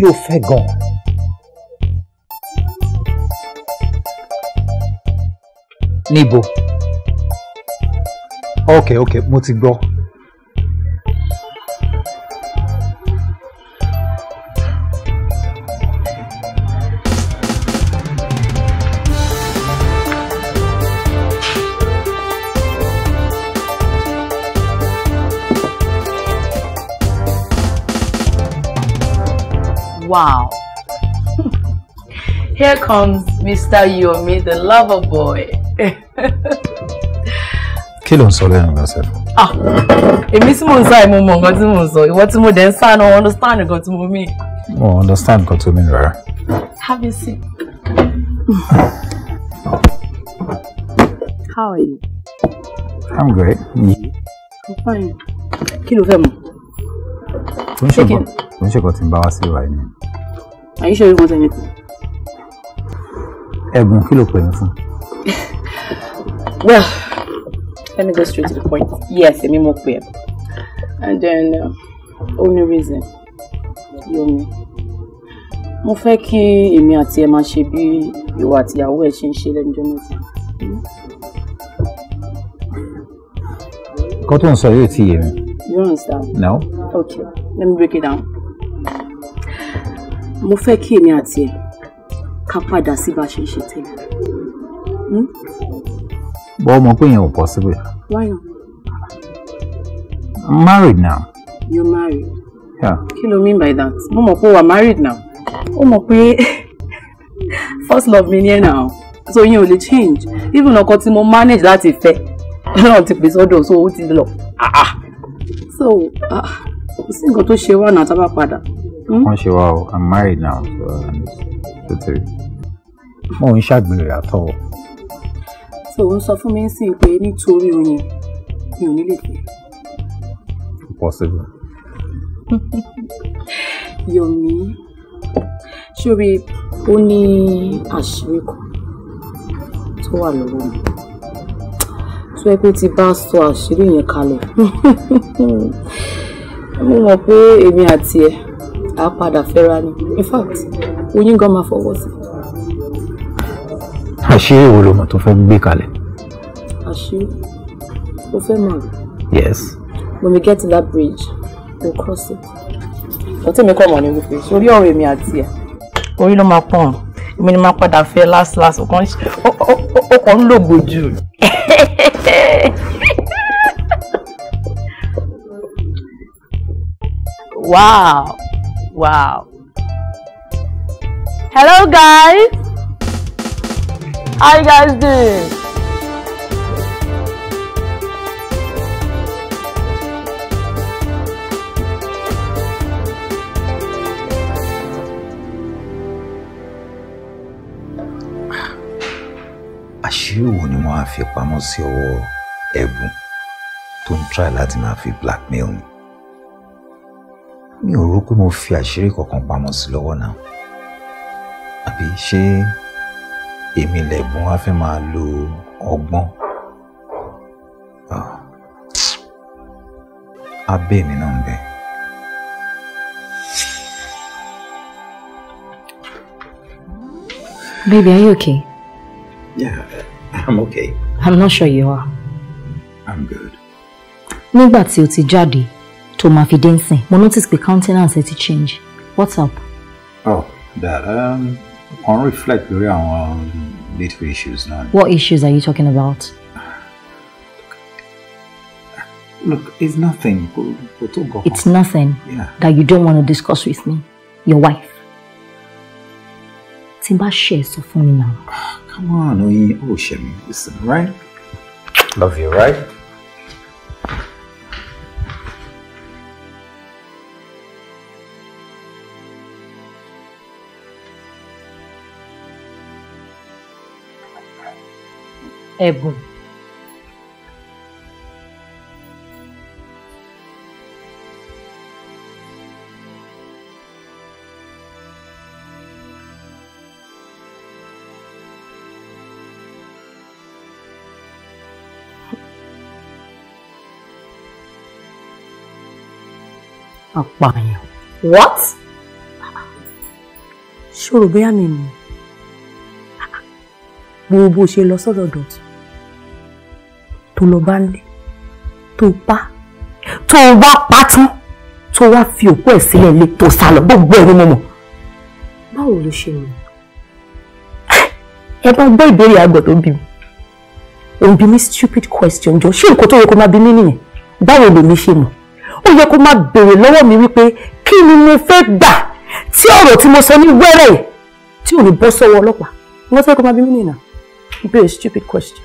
kí lo fẹ́ gan-an. níbo ok ok mo ti gbọ́ here comes Mr. Yomi, the lover boy. [LAUGHS] kí ló ń sọ lẹ́nu lọ́sẹ̀ fún. Ah, èmi tí mò ń sọ àìmọ mọ nǹkan tí mò ń sọ ìwọ tí mo dẹ̀ ń sá náà understand nǹkan tí mo mean. mo understand nǹkan tó mean rárá. have a seat. how are you. i'm great. i'm fine. kí ló fẹ́ mu. kò ń ṣe kò ń ṣe kò tí ń bá wá sí ìwà yìí. are you sure you want anything ẹ̀gbọ́n kí ló pè mí fún. [LAUGHS] well let me go straight to the point yes èmi mo pè ẹ́ and then uh, only reason yomi mo fẹ́ kí èmi àti ẹ máa ṣe bí ìwà àtìyàwó ẹ ṣe ń ṣe lẹ́nu jọ́ mẹ́ta. kó tó ń sọ yóò ti yé mi. you understand. no. okay let me break it down. mo fẹ́ kí èmi àti ẹ ká padà sí bá ṣe ṣe tẹ́lẹ̀. Hmm? bọ́ ọmọ pé yẹn ò possible. wáyọ̀. I'm married now. You're married. Yeah. Kí ló mean by that? Mo mọ̀ pé wà married now. Ó mọ̀ pé [LAUGHS] first love mi ni ẹ̀ náà. So yín ò lè change. Even ọkọ tí mo manage láti fẹ́, Ọlọ́run ti pèsè ọdọ̀ so ó ti lọ. Ah, ah. So ah, kò sí nǹkan tó ṣe wá náà tá a bá padà. Hmm? Wọ́n ṣe wá o, I'm married now. So I'm tètè mò ń ṣàgbèrè àtọ. tí òun sọ fún mi sí i pé nítorí oyin mi ò ní lè fẹ́. possible. [LAUGHS] yomi ṣórí ó ní àṣírí kan tó wà lọ́wọ́ mi tó yẹ pé tí bá sọ àṣírí yẹn kalẹ̀ [LAUGHS] mo mọ̀ pé èmi àti ẹ̀ á padà fẹ́ra ni in fact oyún gan máa fọwọ́ sí. àṣírí wo ló mọ̀ tó fẹ́ gbé kalẹ̀. àṣírí o fẹ́ mọ̀. yes. when we get to that bridge we'll cross it. ọtí mi kọ̀ mọ̀ ní wípé sórí ọ̀rọ̀ èmi àti ẹ̀ orí ló máa pọ̀n èmi ni máa padà fẹ́ last last ọkàn ń lògbò jù. [LAUGHS] wow. Wow. Hello guys. How you guys doing? àṣírí wo ni wọ́n á fi pamọ́ sí ọwọ́ ẹ̀bùn tó ń try láti máa fi blackmail mi mi ò rò pé mo fi àṣírí kankan pamọ́ sí lọ́wọ́ náà àbí ṣé èmi lẹ̀bùn wá fẹ́ máa lo ọgbọ́n abẹ́ mi náà ń bẹ. Baby, are you okay? Yeah, I'm okay. I'm not sure you are. I'm good. Nígbà tí o ti jáde. tó máa fi dé nsìn mo notice countenance has changed. change what's up. oh that um, on reflect lórí on little issues now. what issues are you talking about. Look, it's nothing. It's nothing yeah. that you don't want to discuss with me, your wife. Simba shares sọ funny now. Ah, come on, Oyin, oh, listen, right? Love you, right? É bom. Apààyàn. What? Ṣòro bóyá mi mọ̀. Gbogbo bó ṣe lọ sọ́dọ̀ Dọ̀tun tó lọ bá nílé tó pa tó wá pa tán tó wá fi òkú ẹ̀ sílẹ̀ lé tó sá lọ gbogbo ẹ̀rí mọ̀mọ́. báwo ló ṣe mọ̀. ẹ bá gbọ́ ìbéèrè àgbọ̀ tó bí mi òun bí mi stupid question jọ ṣé nǹkan tó yẹ kó máa bí mi nìyẹn báwo lèmi ṣe mọ̀ ó yẹ kó máa béèrè lọ́wọ́ mi wípé kí ni mo fẹ́ gbà tí ọ̀rọ̀ tí mo sọ ní wẹ́rẹ̀ tí ò ní bọ́ sọ́wọ́ ọlọ́pàá wọ́n fẹ́ kó máa bí mi nìyẹn ìbéèrè stupid question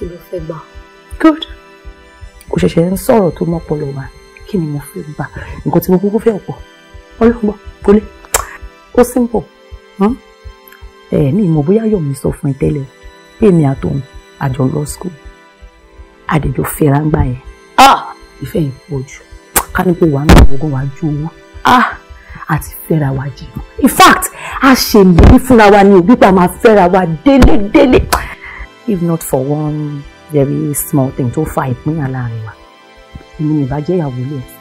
kí ló fẹ́ gbà. good kò ṣẹ̀ṣẹ̀ ń sọ̀rọ̀ tó mọ́pọlọ wa kí ni mo fẹ́ gbà nǹkan tí mo kúkú fẹ́ ọ̀pọ̀ ọlọ́gbọ́n kò lè ó simple hmm? ẹ ní ìmọ̀ bóyá yọ̀mí sọ fún ẹ tẹ́lẹ̀ èmi àtòun àjọ lọ school àdèjọ fẹ́ràǹgbà yẹn ah! ìfẹ́ yẹn pọ̀ jù ká ní pé wàá náà gbọ́ngàn wàá ju owó àti ah! fẹ́ra wa jìnnà in fact a ṣèlérí fúnra wa ní òbí pa máa fẹ́ra wa délé délé if not for one very small thing tó fa ìpínyà láàrin wa èmi ní ìbá jẹ́ ìyàwó ilé ẹ̀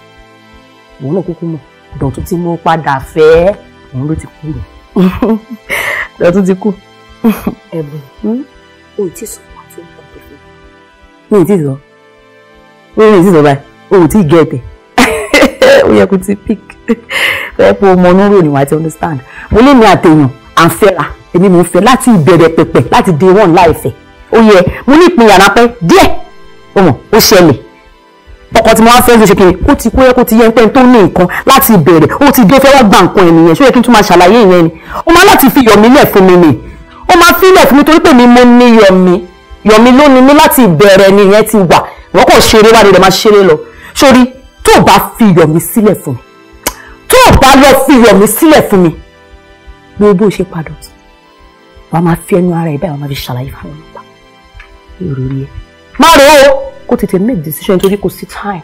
òun náà kúkú mọ̀ dọ̀tún tí mo padà fẹ́ òun ló ti kú lọ [LAUGHS] dọ̀tún ti kú. ẹ̀bùn hmm? o ì tí sọ wá tó ń bọ̀ tó fi. mi ì tí sọ mi ì tí sọ báyìí o ò tí ì gẹ̀ tẹ̀ [LAUGHS] ó yẹ kó ti pick fẹ́ pé o mọ onúrò ni ti understand mo lè ní àtẹ̀yàn à ń fẹ́ra èmi mò ń fẹ́ láti ìbẹ̀rẹ̀ pẹ̀pẹ̀ láti day one láìfẹ́ ó yẹ mo ní ìpínyà náà pẹ́ díẹ̀ ó mọ̀ ó ṣẹlẹ̀ ọkọ tí mo wá fẹ́ ṣe kí ni ó ti kó yẹ kó ti yẹ pé tó ní nǹkan láti ìbẹ̀rẹ̀ ó ti dé fẹ́ wá gba nǹkan ènìyàn ṣó yẹ kí n tún máa ṣàlàyé ìyẹn ni ó máa láti fi yọ̀mí lẹ̀ fún mi nì ó máa fi lẹ̀ fún mi torí pé mi mo ní yọ̀mí yọ̀mí ló mi láti ìbẹ̀rẹ̀ ni ìyẹn ti wà wọ́n kò ṣeré wá ni rẹ̀ máa ṣeré lọ sórí tó o bá fi yọ̀mí sílẹ̀ fún mi tó o bá lọ fi yọ̀mí sílẹ̀ fún mi gbogbo ìṣe padà wàá máa fi ẹnu ara ẹ̀ báyìí wàá máa fi ṣàlàyé fún mi èrè ni ẹ má rò ó kó tètè make decision nítorí kò sí time.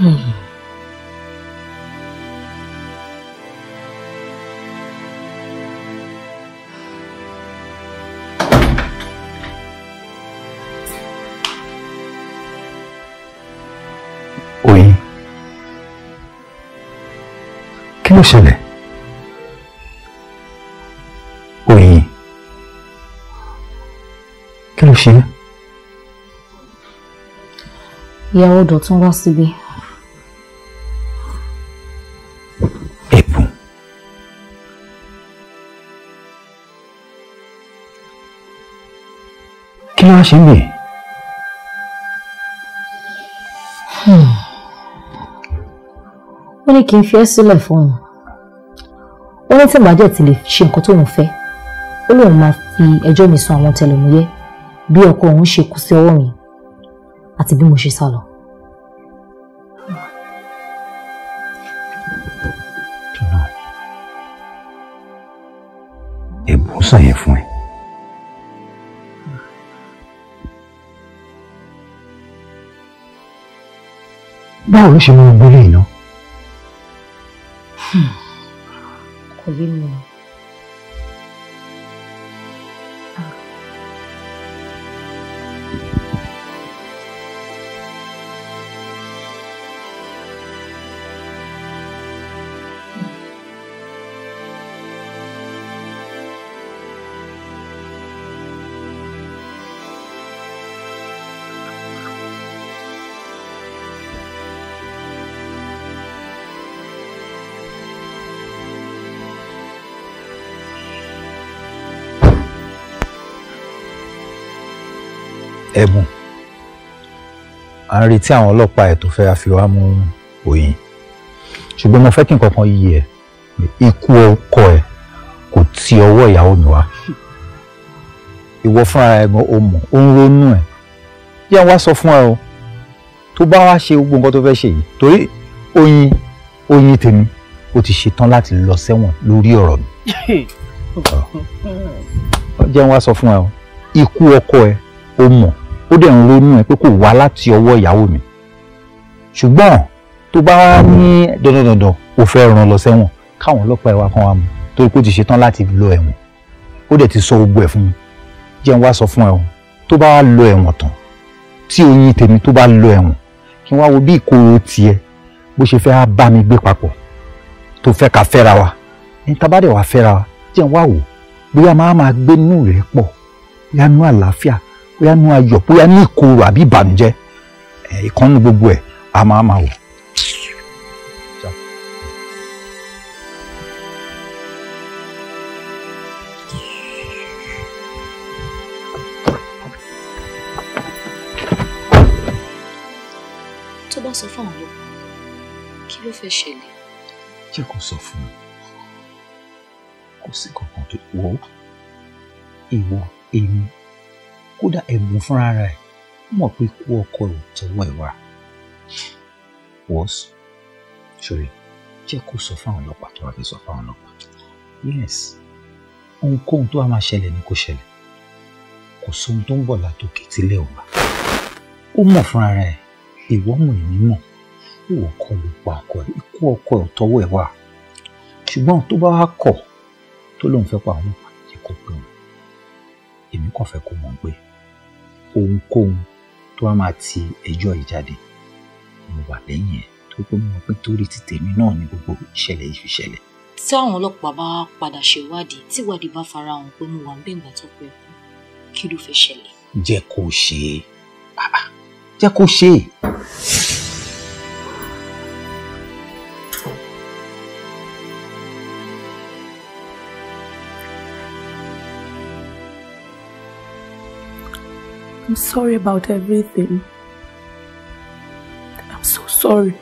Hmm. ló ṣẹlẹ̀ oyin kí ló ṣe é. ìyàwó dọ̀tún wá síbi. ẹ̀bùn kí ló wá ṣe ń bẹ̀. Hmm. ó ní kí n fi ẹ́ sílẹ̀ fún un ó ní tí ìbàjẹ́ ti lè ṣe nǹkan tóun fẹ́ ó lóun máa fi ẹjọ́ mi sun àwọn tẹlẹmúyẹ́ bí ọkọ òun ṣe kú sí ọwọ́ mi àti bí mo ṣe sá lọ. ẹ̀bùn sàyẹ̀ fún ẹ. báwo ló ṣe máa gbélé iná. Hmm. kwa jina à ń retí àwọn ọlọ́pàá ẹ̀ tó fẹ́ fi wá mú Oyin ṣùgbọ́n mo fẹ́ kí nǹkan kan yí ẹ ikú ọkọ ẹ kò ti ọwọ́ ìyàwó mi wá ìwọ fúnra ẹ gan o mọ̀ o ń ronú ẹ yẹn wá sọ fún ẹ o tó bá wá ṣe gbogbo nǹkan tó fẹ́ ṣe yìí torí Oyin Oyin tèmi o ti ṣetán láti lọ sẹ́wọ̀n lórí ọ̀rọ̀ mi [LAUGHS] jẹun wá sọ fún ẹ o ikú ọkọ ẹ o mọ̀ ó dẹ̀ ń ronú ẹ pé kò wá láti ọwọ́ ìyàwó mi ṣùgbọ́n tó bá wá ní dandandandan ò fẹ́ ràn lọ sẹ́wọ̀n káwọn ọlọ́pàá ìwà kan wà mú torí pé ó ti ṣetán láti lọ ẹ̀wọ̀n ó dẹ̀ ti sọ gbogbo ẹ̀ fún mi jẹ́ n wá sọ fún ẹ o tó bá wá ẹ̀wọ̀n tán tí oyin tèmi tó bá lọ ẹ̀wọ̀n kí wọ́n wo bí ìkorò tiẹ̀ bó ṣe fẹ́ bá mi gbé papọ̀ tó fẹ́ ká fẹ́ra wa ní tabadẹ̀ wá fẹ́ra wa jẹ́ n wá wò bóyá máa máa gbénú rẹ̀ pọ̀ yánú àlàáfíà bóyá nú ayọ̀ bóyá ní ìkorò àbí ìbànújẹ́ ìkànnì gbogbo ẹ̀ a máa máa wò. tó bá sọ fún àwọn ológun kí ló fẹ́ ṣẹlẹ̀. jẹ́ kó sọ fún mi kò sí kankan tó wọ́ ìwọ èmi kódà ẹ̀bùn fúnra rẹ̀ mọ̀ pé kú ọkọ ẹ̀ ò tẹ́wọ́ ẹ̀ wá. wọ́s ṣòrí jẹ́ kó sọ fáwọn ọlọ́pàá tó wà fi sọ fáwọn ọlọ́pàá. yes ohunkóhun tó wà máa ṣẹlẹ̀ ni kò ṣẹlẹ̀ kò sóhun tó ń bọ̀ látòkè tílẹ̀ ò bá. ó mọ̀ fúnra rẹ̀ ìwọ mọ̀ èmi mọ̀ ìwọ kọ́ ló pa ọkọ ẹ̀ ikú ọkọ ẹ̀ ò tọ́wọ́ ẹ̀ wá. ṣùgbọ́n tó bá wá kọ̀ tó lóun fẹ́ pa àwọn ọlọ́pàá yẹ kó pé wọn èmi kàn fẹ́ kó mọ̀ pé ohunkóhun tó wá máa ti ẹjọ́ yìí jáde mo wà lẹ́yìn ẹ̀ tó kó mọ̀ pé torí ti tèmi náà ni gbogbo ìṣẹ̀lẹ̀ yìí fi ṣẹlẹ̀. tí àwọn ọlọ́pàá bá padà ṣèwádìí tí ìwádìí bá fara hàn pé mo wà ń bẹ̀ ìgbà tó pẹ́ kú kí ló fẹ́ ṣẹlẹ̀. jẹ́ kó ṣe é ah, ah, jẹ́ kó ṣe é. I'm sorry about everything. I'm so sorry.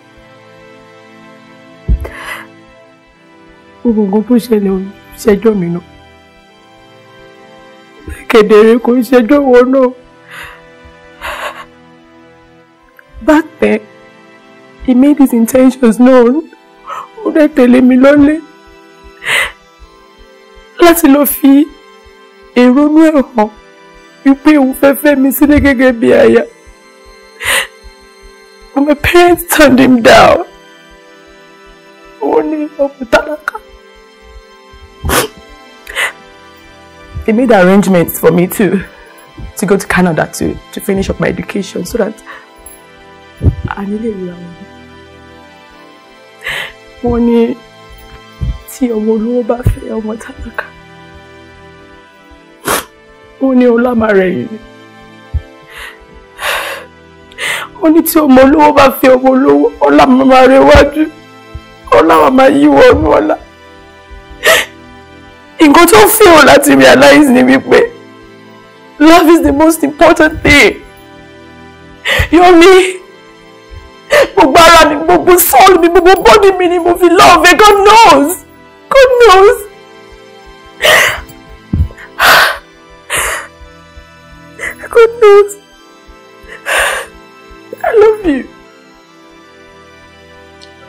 Gbogbo nǹkan tó ṣẹlẹ̀ ò ṣẹjọ́ mi no. Kedere kò ṣẹjọ́ wọn Back then, he made his intentions known. Ó dẹ̀ tẹ̀lé mi lọ́lé. Láti lọ fi èrò inú ẹ̀ hàn. wípé òun fẹ́ fẹ́ mi sílé gẹ́gẹ́ bí aya but my parents turned him down òun ní ọkùnrin tálákà they made arrangements for me to to go to Canada to to finish up my education so that I nílé ìlú àwọn wọn ní tí ọmọ olówó bá fẹ́ ọmọ tálákà ó ní Ọlámárẹ̀yìn ó ní tí ọmọ olówó bá fi ọmọ olówó ọlá máa rẹ wájú ọlá wa máa yí wọnú ọlá nǹkan tó fi hàn láti realize ni wípé love is the most important thing Yomi gbogbo ara mi gbogbo soul mi gbogbo body mi ni mo fi love God knows God knows. God knows. I love you.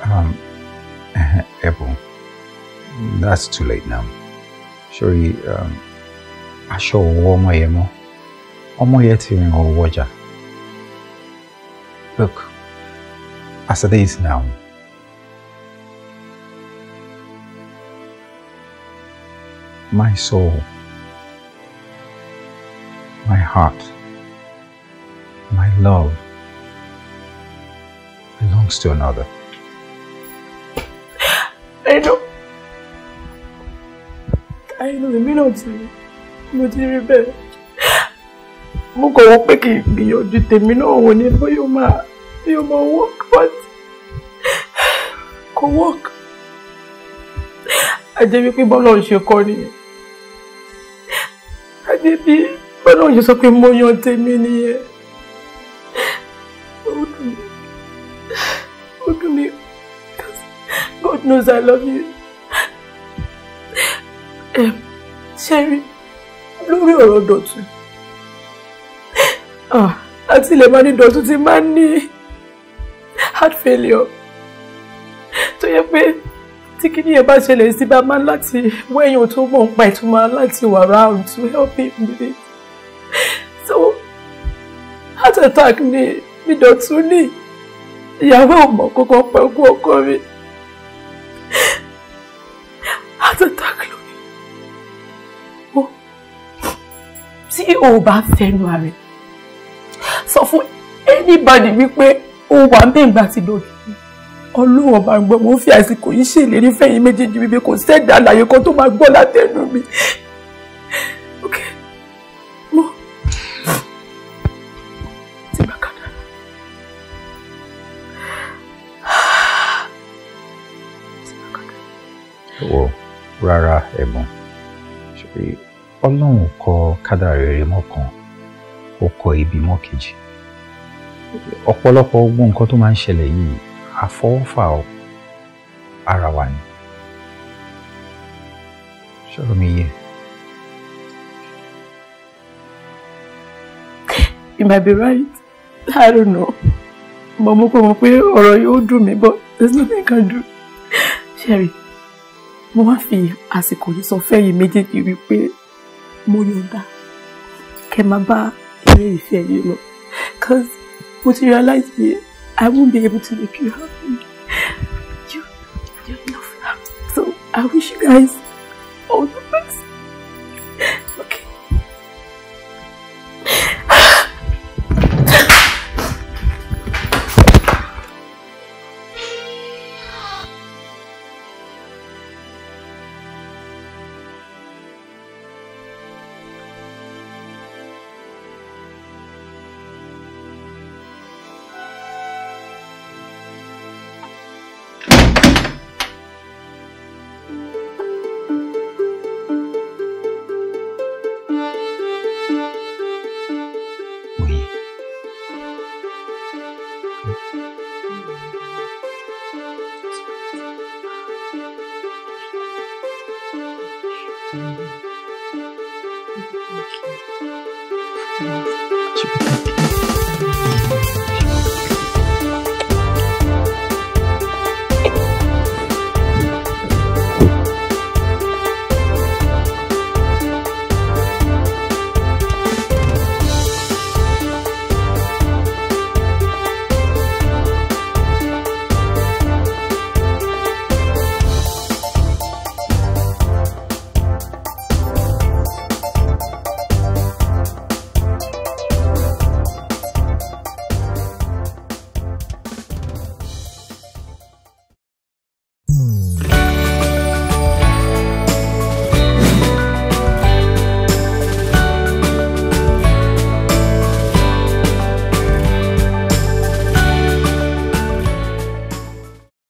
Um, [LAUGHS] Apple, that's too late now. Sorry, um, aṣọ òwò ọmọ yẹn mọ́. Ọmọ yẹn ti rìn ọwọ́ ọjà. Look, as it is now, my soul my heart, my love belongs to another. I know. I know, èmi náà not mo ti rí bẹ́ẹ̀. Mo kàn wọ́n pé kì í gbìyànjú tèmi náà wò ní bó yóò máa yóò máa work but kò work. I Àjẹ́ wípé bọ́lá ò ṣe kọ́ I Àjẹ́ bíi bọ́lá òye sọ pé mo yan tèmi nìyẹn ó dùn mí ó dùn mí God knows I love you ṣẹ́rí lórí ọ̀rọ̀ dọ̀tun ah, àti ilẹ̀ máa ní dọ̀tun ti máa ń ní heart failure tó yẹ pé tí kíní yẹn bá ṣẹlẹ̀ sí bá máa láti wẹ́yìn tó mọ̀ ń pa ìtumọ̀ láti wà round to help him with it. [LAUGHS] so heart attack ni mi dọ̀tún ní ìyàwó ọmọ kókó pẹ́ kú ọkọ mi heart attack ló ní o tí o bá fẹnu ààrẹ sọ fún anybody wípé o wà ń bẹ̀ ń gbà tí lónìí ọlọ́wọ́n bá ń gbọ́ mo ń fi àsìkò yìí ṣèlérí fẹ̀yìn méjèèjì wípé kò sẹ́dá àlàyé kan tó máa gbọ́ látẹnu mi ọlọ́run kọ kádàrá rere mọ́ ó kọ ibi mọ́ ọ̀pọ̀lọpọ̀ gbogbo nǹkan tó máa ń ṣẹlẹ̀ yìí àfọwọ́fà ara wa ni ṣọ́rọ̀ mi yé. You might be right. I don't know. Mo mú kó mọ̀ pé ọ̀rọ̀ yóò dùn mí but there's nothing I can do. Sherry, mo wá fi àsìkò yìí sọ fẹ́yìn méjèèjì wípé mo yọ̀ǹda kẹ́ máa bá eré cause what you realize me, I won't be able to make you happy you you love her so I wish you guys all the best.